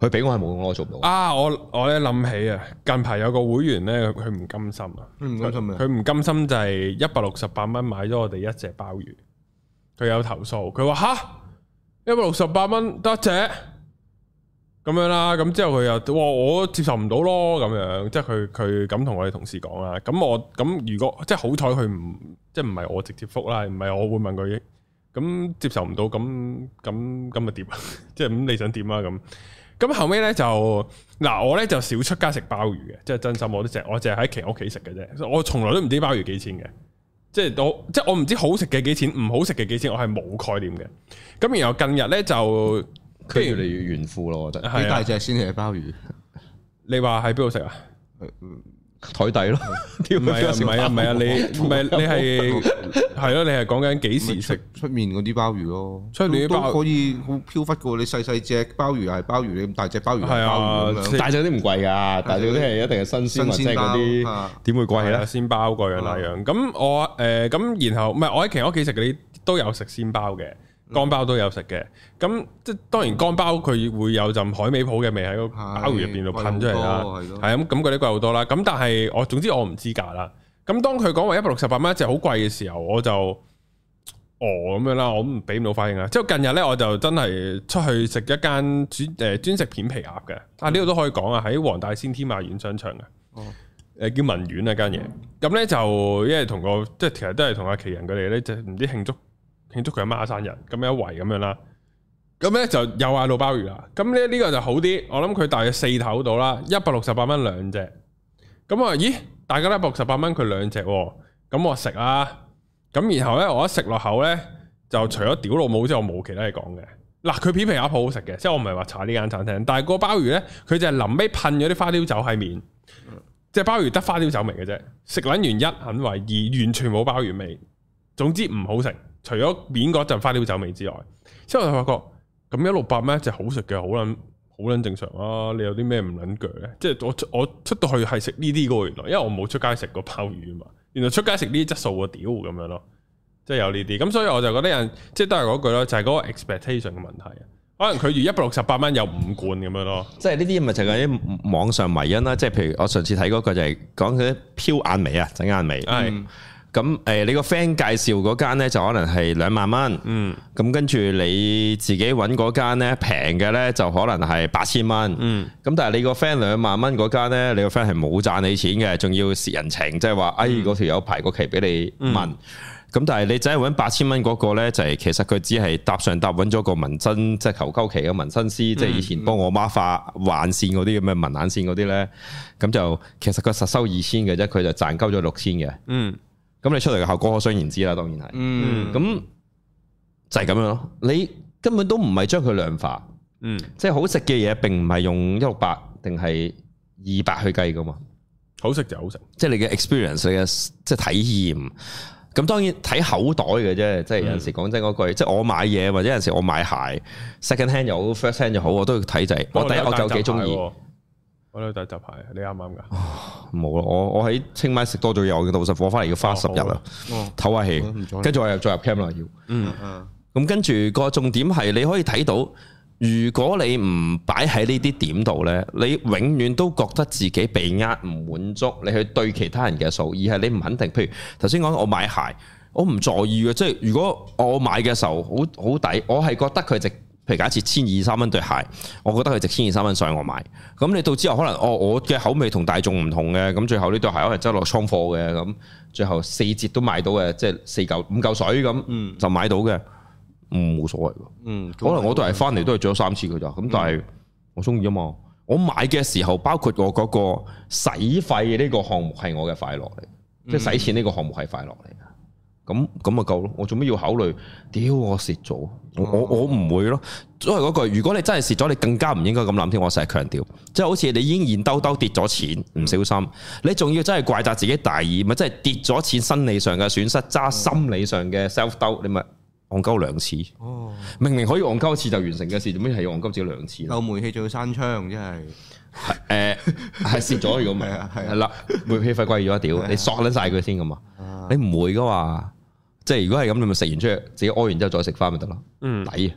佢俾我係冇用，我做唔到啊！我我咧諗起啊，近排有個會員咧，佢唔甘心啊，唔甘心，佢唔甘心就係一百六十八蚊買咗我哋一隻鮑魚，佢有投訴，佢話吓，一百六十八蚊得一隻。咁樣啦，咁之後佢又，哇！我接受唔到咯，咁樣，即係佢佢咁同我哋同事講啦。咁我咁如果即係好彩佢唔，即係唔係我直接覆啦，唔係我會問佢。咁接受唔到，咁咁咁啊？點啊？即係咁你想點啊？咁咁後尾咧就，嗱，我咧就少出街食鮑魚嘅，即係真心我都淨，我淨係喺其屋企食嘅啫。我從來都唔知鮑魚幾錢嘅，即係我即係我唔知好食嘅幾錢，唔好食嘅幾錢，我係冇概念嘅。咁然後近日咧就。即係越嚟越炫富咯，我覺得。幾大隻先係鮑魚？你話喺邊度食啊？台底咯。唔係啊，唔係啊，唔係啊，你唔係你係係咯？你係講緊幾時食出面嗰啲鮑魚咯？出面啲鮑可以好飄忽噶，你細細隻鮑魚係鮑魚，你大隻鮑魚係啊。大隻啲唔貴噶，大隻啲係一定係新鮮或者嗰啲，點會貴咧？鮮包各樣那樣。咁我誒咁然後唔係我喺其他屋企食嗰啲都有食鮮包嘅。乾包都有食嘅，咁即係當然乾包佢會有陣海味普嘅味喺個鮑魚入邊度噴出嚟啦。係啊，咁咁嗰啲貴好多啦。咁但係我總之我唔知價啦。咁當佢講話一百六十八蚊一隻好貴嘅時候，我就哦咁樣啦，我唔俾唔到反應啊。即係近日咧，我就真係出去食一間專誒專食片皮鴨嘅，嗯、啊呢度都可以講啊，喺黃大仙天馬苑商場嘅，誒、嗯、叫文苑啊間嘢。咁咧、嗯、就因為同個即係其實都係同阿奇人佢哋咧，就唔知慶祝。慶祝佢阿媽，媽生日，咁樣一圍咁樣啦，咁咧就又嗌到鮑魚啦，咁咧呢個就好啲，我諗佢大約四頭到啦，一百六十八蚊兩隻，咁我話咦，大家一百六十八蚊佢兩隻，咁我食啦。咁然後咧我一食落口咧，就除咗屌老母之外，冇其他嘢講嘅，嗱，佢片皮鴨好好食嘅，即係我唔係話查呢間餐廳，但係個鮑魚咧，佢就係臨尾噴咗啲花雕酒喺面，嗯、即係鮑魚得花雕酒味嘅啫，食撚完一很為二，完全冇鮑魚味，總之唔好食。除咗面嗰陣花雕酒味之外，之後我就發覺咁一六百蚊就係好食嘅，好撚好撚正常啊！你有啲咩唔撚鋸咧？即係我我出到去係食呢啲嘅喎，原來因為我冇出街食過鮑魚嘛，原來出街食呢啲質素啊，屌咁樣咯，即係有呢啲咁，所以我就覺得人即係都係嗰句咯，就係嗰個 expectation 嘅問題啊。可能佢如一百六十八蚊有五罐咁樣咯，即係呢啲咪就係啲網上迷因啦。即係譬如我上次睇嗰個就係講佢啲漂眼眉啊，整眼眉，係。咁誒，你個 friend 介紹嗰間咧，就可能係兩萬蚊。嗯，咁跟住你自己揾嗰間咧，平嘅咧就可能係八千蚊。嗯，咁但係你個 friend 兩萬蚊嗰間咧，你個 friend 係冇賺你錢嘅，仲要蝕人情，即係話哎嗰條友排個期俾你問。咁、嗯、但係你淨係揾八千蚊嗰個咧，就係其實佢只係搭上搭揾咗個紋身，即係求溝期嘅紋身師，嗯、即係以前幫我媽化橫線嗰啲咁嘅紋眼線嗰啲咧。咁就其實佢實收二千嘅啫，佢就賺鳩咗六千嘅。嗯。咁你出嚟嘅效果可想而知啦，當然係。嗯，咁就係咁樣咯。你根本都唔係將佢量化，嗯，即係好食嘅嘢並唔係用一六八定係二百去計噶嘛。好食就好食，即係你嘅 experience，你嘅即係體驗。咁當然睇口袋嘅啫，即係有陣時講真嗰句，嗯、即係我買嘢或者有陣時我買鞋，second hand 又好，first hand 又好，我都要睇就係、是。我第一、啊、集幾中意我咧第一集牌，你啱啱噶？冇咯，我我喺清邁食多咗油嘅，到時我翻嚟要花十日啊，唞下氣，跟住我又再入 cam 啦要，嗯、哦、息嗯，咁跟住個重點係，你可以睇到，如果你唔擺喺呢啲點度咧，你永遠都覺得自己被壓唔滿足，你去對其他人嘅數，而係你唔肯定。譬如頭先講我買鞋，我唔在意嘅，即係如果我買嘅時候好好抵，我係覺得佢值。譬如假設千二三蚊對鞋，我覺得係值千二三蚊上我買，咁你到之後可能哦，我嘅口味大眾同大眾唔同嘅，咁最後呢對鞋可係執落倉貨嘅，咁最後四折都買到嘅，即、就、係、是、四嚿五嚿水咁，就買到嘅，唔冇所謂嘅，嗯，嗯可能我都係翻嚟都係着咗三次佢咋，咁、嗯、但係我中意啊嘛，我買嘅時候包括我嗰個使費呢個項目係我嘅快樂嚟，即係使錢呢個項目係快樂嚟嘅，咁咁咪夠咯，我做咩要考慮？屌我蝕咗。我我唔會咯，都係嗰句，如果你真係蝕咗，你更加唔應該咁諗添。我成日強調，即係好似你已經現兜兜跌咗錢，唔小心，你仲要真係怪責自己大意，咪真係跌咗錢，心理上嘅損失，揸心理上嘅 self doubt，你咪戇鳩兩次。哦，明明可以戇鳩一次就完成嘅事，做咩係要戇鳩至兩次？漏煤氣仲要閂窗，真係。誒，係蝕咗如果唔係，係啦，煤氣費貴咗一屌，你索撚晒佢先咁嘛， 你唔會噶嘛。即係如果係咁，你咪食完出去，自己屙完之後再食翻咪得咯，抵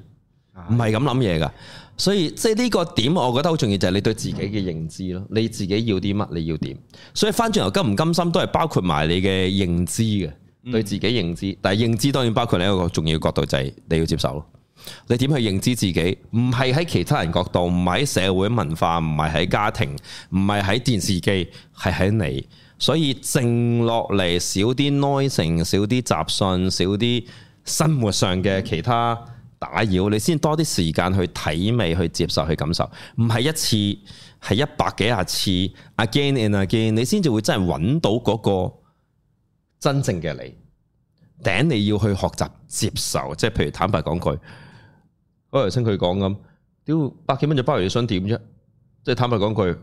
啊、嗯！唔係咁諗嘢噶所以即係呢個點，我覺得好重要就係、是、你對自己嘅認知咯，嗯、你自己要啲乜，你要點，所以翻轉頭甘唔甘心都係包括埋你嘅認知嘅，對自己認知，嗯、但係認知當然包括另一個重要角度就係、是、你要接受咯，你點去認知自己，唔係喺其他人角度，唔係喺社會文化，唔係喺家庭，唔係喺電視機，係喺你。所以靜落嚟少啲 noise，少啲雜訊，少啲生活上嘅其他打擾，你先多啲時間去體味、去接受、去感受。唔係一次，係一百幾廿次，again and again，你先至會真係揾到嗰個真正嘅你。頂你要去學習接受，即係譬如坦白講句，嗰頭先佢講咁，屌百幾蚊就包，你想點啫？即係坦白講句，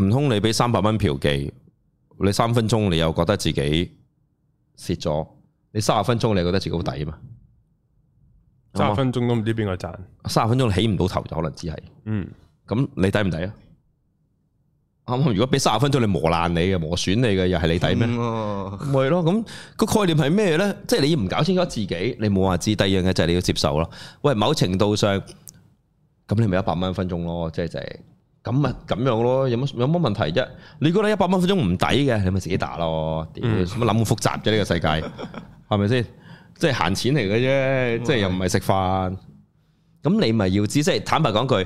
唔通你畀三百蚊嫖妓？你三分鐘，你又覺得自己蝕咗，你卅分鐘你覺得自己、嗯、好抵啊嘛？三十分鐘都唔知邊個賺，卅分鐘起唔到頭就可能只係，嗯，咁你抵唔抵啊？啱啱如果俾卅分鐘你磨爛你嘅磨損你嘅，又係你抵咩？唔係咯，咁個概念係咩咧？即係你唔搞清楚自己，你冇話知。第二樣嘢就係你要接受咯。喂，某程度上，咁你咪一百蚊一分鐘咯，即係就係。咁啊咁樣咯，有乜有乜問題啫？你覺得一百蚊分鐘唔抵嘅，你咪自己打咯。屌，做乜諗咁複雜啫？呢個世界係咪先？即係閒錢嚟嘅啫，即係又唔係食飯。咁你咪要知，即係坦白講句，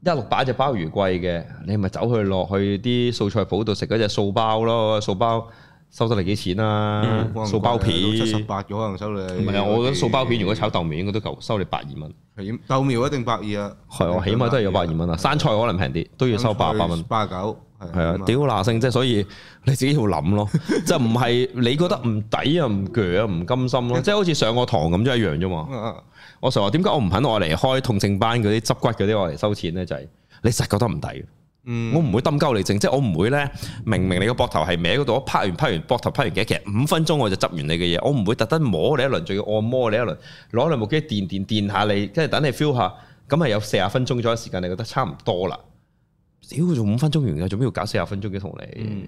一六八隻鮑魚貴嘅，你咪走去落去啲素菜鋪度食嗰隻素包咯，素包。收得嚟幾錢啊？素包片七十八嘅可能收你。唔係啊，我覺得素包片如果炒豆苗應該都夠收你百二蚊。豆苗一定百二啊。係，我起碼都係有百二蚊啊。生菜可能平啲，都要收八十八蚊。八九。係啊，屌喇聲，即係所以你自己要諗咯，即係唔係你覺得唔抵啊、唔鋸啊、唔甘心咯？即係好似上個堂咁，即一樣啫嘛。我成日話點解我唔肯我嚟開痛症班嗰啲執骨嗰啲我嚟收錢咧？就係你實覺得唔抵。嗯，我唔會咁鳩你，整，即係我唔會咧，明明你個膊頭係歪嗰度，我拍完拍完膊頭拍完嘅，其實五分鐘我就執完你嘅嘢，我唔會特登摸你一輪，仲要按摩你一輪，攞兩部機電電電下你，跟住等你 feel 下，咁係有四十分鐘左右嘅時間，你覺得差唔多啦？屌，做五分鐘完嘅，做咩要搞四十分鐘嘅同你？嗯、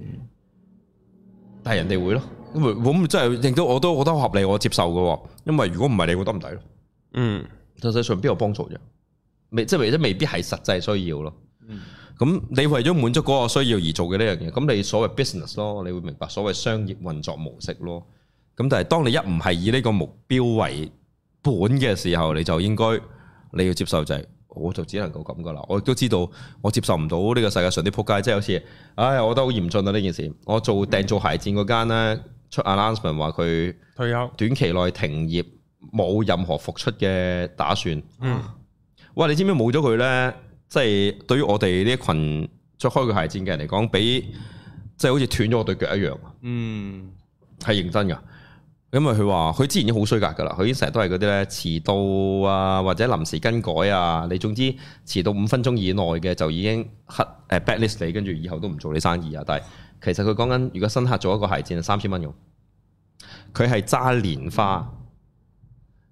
但係人哋會咯，咁我咁真係認到我都我都合理，我接受嘅。因為如果唔係，你會得唔抵咯。嗯，實際上邊有幫助嘅，未即係或者未必係實際需要咯。嗯。咁你為咗滿足嗰個需要而做嘅呢樣嘢，咁你所謂 business 咯，你會明白所謂商業運作模式咯。咁但係當你一唔係以呢個目標為本嘅時候，你就應該你要接受就係，我就只能夠咁噶啦。我亦都知道我接受唔到呢個世界上啲仆街，即係好似，唉，我覺得好嚴峻啊呢件事。我做訂做鞋墊嗰間呢，出 announcement 話佢退休，短期內停業，冇任何復出嘅打算。嗯，喂，你知唔知冇咗佢呢？即係對於我哋呢一群着開個鞋墊嘅人嚟講，比即係、就是、好似斷咗我對腳一樣。嗯，係認真㗎，因為佢話佢之前已經好衰格㗎喇，佢已經成日都係嗰啲咧遲到啊，或者臨時更改啊，你總之遲到五分鐘以內嘅就已經黑誒 bad list 你，跟住以後都唔做你生意啊。但係其實佢講緊，如果新客做一個鞋墊三千蚊用，佢係揸蓮花。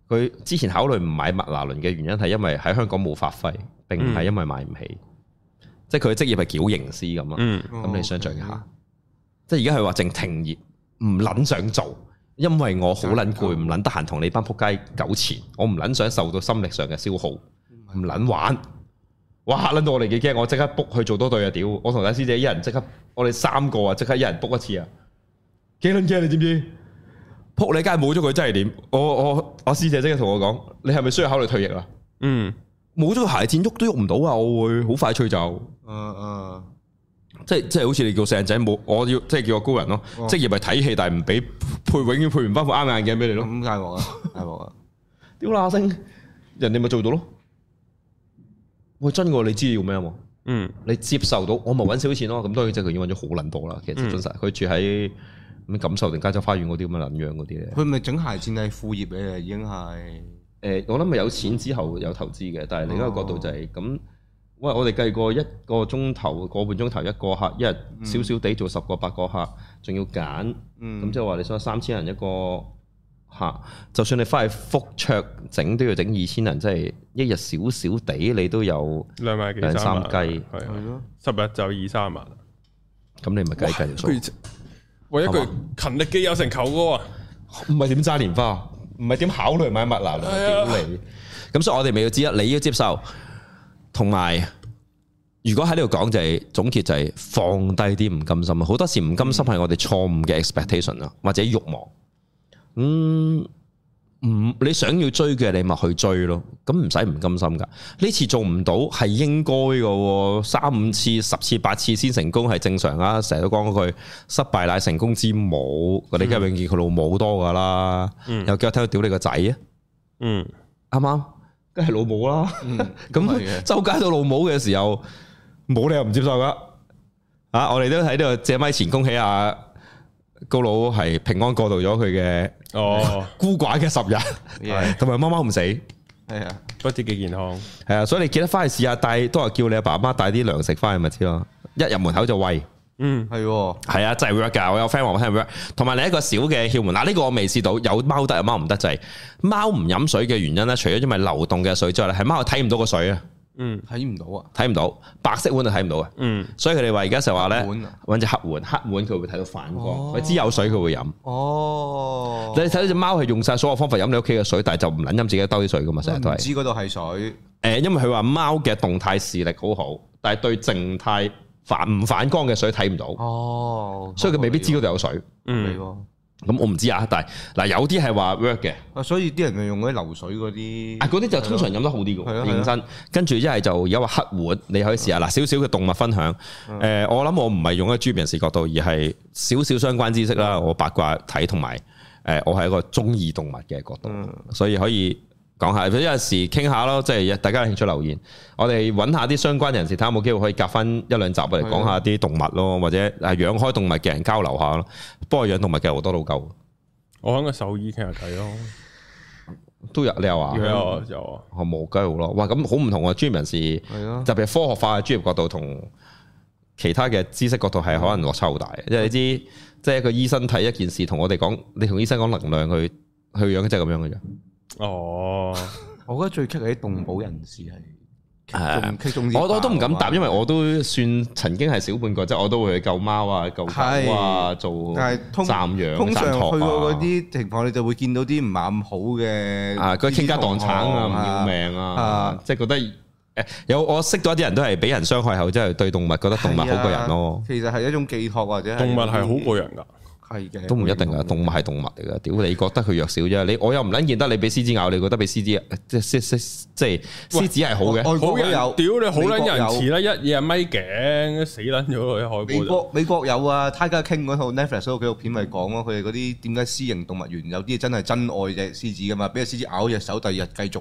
佢之前考慮唔買麥拿倫嘅原因係因為喺香港冇發揮。並唔係因為買唔起，嗯、即係佢嘅職業係矯形師咁啊！咁、嗯哦、你想象一下，嗯、即係而家係話淨停業，唔捻想做，因為我好捻攰，唔捻得閒同你班扑街糾纏，嗯、我唔捻想受到心力上嘅消耗，唔捻玩。哇！捻到我嚟幾驚，我即刻 book 去做多對啊！屌，我同阿師姐一人即刻，我哋三個啊，即刻一人 book 一次啊！幾捻驚你知唔知？扑你街冇咗佢真係點？我我我,我,我師姐即刻同我講：你係咪需要考慮退役啦？嗯。冇咗個鞋墊喐都喐唔到啊！我會好快脆走。嗯嗯、啊啊，即係即係好似你叫成仔，冇我要即係叫我高人咯。即係又係睇戲，但係唔俾配永，永遠配唔翻副啱眼鏡俾你咯。咁大鑊啊！大鑊啊！點啊星人哋咪做到咯？喂，真㗎你知道要咩啊？嗯，你接受到，我咪搵少啲錢咯。咁當然即係佢已經搵咗好捻多啦。其實真實，佢住喺感受定加州花園嗰啲咁嘅林蔭嗰啲咧。佢咪整鞋墊係 副業嘅，已經係。誒，我諗咪有錢之後有投資嘅，但係另一個角度就係咁。喂，我哋計過一個鐘頭個半鐘頭一個客，一日少少地做十個八個客，仲要揀。咁即係話你收三千人一個客，就算你翻去覆桌整都要整二千人，即係一日少少地你都有兩萬三萬。係咯，十日就二三萬。咁你咪計計數。喂，一句勤力機有成球喎，唔係點揸蓮花？唔係點考慮買物流嚟，屌你？咁、哎、呀所以我哋未要知啊，你要接受。同埋，如果喺呢度講就係、是、總結就係放低啲唔甘心啊！好多時唔甘心係我哋錯誤嘅 expectation 啦，嗯、或者欲望。嗯。唔，你想要追嘅你咪去追咯，咁唔使唔甘心噶。呢次做唔到係應該嘅，三五次、十次、八次先成功係正常啊。成日都講句失敗乃成功之母，我哋梗係永遠佢老母多噶啦。嗯、有幾日睇到屌你個仔啊？嗯，啱啱剛？梗係老母啦。咁、嗯 嗯、周街都老母嘅時候，冇理由唔接受噶？啊，我哋都喺度借米前恭喜下高佬係平安過渡咗佢嘅。哦，孤寡嘅十日，係同埋貓貓唔死，係啊，都幾健康，係啊，所以你記得翻去試下帶，都係叫你阿爸阿媽帶啲糧食翻去咪知咯。一入門口就喂，嗯，係，係啊，真係 work 噶，我有 friend 話我聽 work，同埋另一個小嘅竅門，嗱，呢個我未試到，有貓得有貓唔得就係貓唔飲水嘅原因咧，除咗因為流動嘅水之外咧，係貓睇唔到個水啊。嗯，睇唔到啊，睇唔到，白色碗就睇唔到、嗯、啊。嗯，所以佢哋話而家成日話咧，揾隻黑碗，黑碗佢會睇到反光，佢、哦、知有水佢會飲。哦，你睇到隻貓係用晒所有方法飲你屋企嘅水，但係就唔捻飲自己兜啲水噶嘛，成日都係。知嗰度係水，誒、嗯，因為佢話貓嘅動態視力好好，但係對靜態反唔反光嘅水睇唔到。哦，所以佢未必知嗰度有水。哦那個、嗯。咁、嗯、我唔知啊，但係嗱有啲係話 work 嘅、啊，所以啲人用啲流水嗰啲，啊嗰啲就通常飲得好啲嘅，認真的。跟住一係就有、是、話黑活，的你可以試下嗱，少少嘅動物分享。誒的、呃，我諗我唔係用一個專業人士角度，而係少少相關知識啦。的我八卦睇同埋誒，我係一個中意動物嘅角度的，所以可以。講下，有陣時傾下咯，即係大家有興趣留言，我哋揾下啲相關人士，睇下有冇機會可以夾翻一兩集過嚟講下啲動物咯，是的 或者係養開動物嘅人交流下咯。不過養動物嘅好多都夠，我喺個獸醫傾下睇咯，都有你又話有，我冇雞嗎好咯。哇，咁好唔同啊！專業人士，的特別科學化嘅專業角度同其他嘅知識角度係可能落差好大，因為的你知，即係一個醫生睇一件事，同我哋講，你同醫生講能量佢去養，即係咁樣嘅樣。哦， 我覺得最激係啲動保人士係，激中，我、啊、我都唔敢答，因為我都算曾經係小半個，即、就、係、是、我都會去救貓啊、救狗啊做養，但係通、啊、通常去過嗰啲情況，你就會見到啲唔係咁好嘅，啊，佢、那個、傾家蕩產啊，唔、啊、要命啊，即係、啊、覺得，誒、欸，有我識到一啲人都係俾人傷害後，即、就、係、是、對動物覺得動物好過人咯、啊啊。其實係一種寄託，或者動物係好過人噶。都唔一定啊，動物係動物嚟噶，屌 你覺得佢弱小啫，你我又唔撚見得你俾獅子咬，你覺得俾獅子即係即係獅子係好嘅。外國有，人屌你好撚仁慈啦，一嘢咪頸死撚咗喺海。美國美國有啊，Tiger King 嗰套 Netflix 嗰個紀錄片咪講咯，佢哋嗰啲點解私營動物園有啲真係真愛隻獅子噶嘛，俾隻獅子咬隻手，第二日繼續。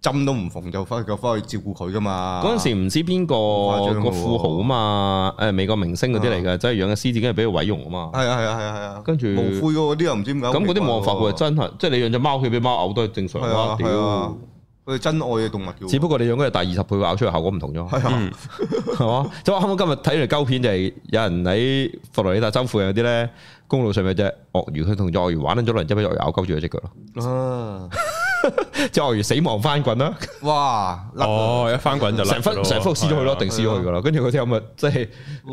針都唔縫就翻去，翻去照顧佢噶嘛？嗰陣時唔知邊個個富豪嘛？誒美國明星嗰啲嚟嘅，真係養嘅獅子，梗係俾佢毀容啊嘛！係啊係啊係啊係啊！跟住毛灰嗰啲又唔知點解。咁嗰啲毛髮，佢真係即係你養隻貓，佢俾貓嘔都係正常啦。屌，佢係真愛嘅動物，只不過你養嗰隻大二十倍，咬出嚟效果唔同咗。係嘛？就啱啱今日睇嚟鳩片，就係有人喺佛羅里達州附近有啲咧公路上面啫，鱷魚佢同隻鱷魚玩緊咗輪之後，俾鱷魚咬鳩住一隻腳咯。隻鱷魚死亡翻滾啦！哇，哦一翻滾就成幅成幅撕咗去咯，定撕咗去噶啦。跟住佢條咁嘅即係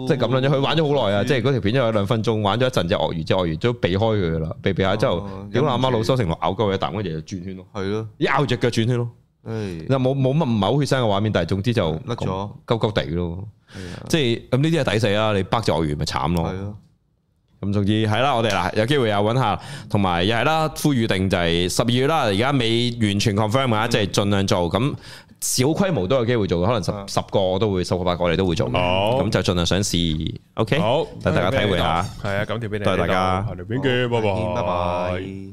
即係咁樣，即係佢玩咗好耐啊！即係嗰條片只有兩分鐘，玩咗一陣隻鱷魚，隻鱷魚都避開佢啦，避避下之後就屌阿媽老蘇成羅咬鳩佢，彈嗰陣就轉圈咯，係咯，一咬隻腳轉圈咯。冇冇乜唔係好血腥嘅畫面，但係總之就甩咗，鳩鳩地咯。即係咁呢啲係抵死啦，你北隻鱷魚咪慘咯。咁仲之係啦，我哋啦有機會又搵下，同埋又係啦，呼籲定就係十二月啦。而家未完全 confirm 嘅，即係盡量做，咁小規模都有機會做嘅，可能十十個都會，十個八個你都會做。好，咁就盡量想試。OK，好，等大家體會下。係啊好，九條俾你，多謝大家。大家下條片見，拜拜拜。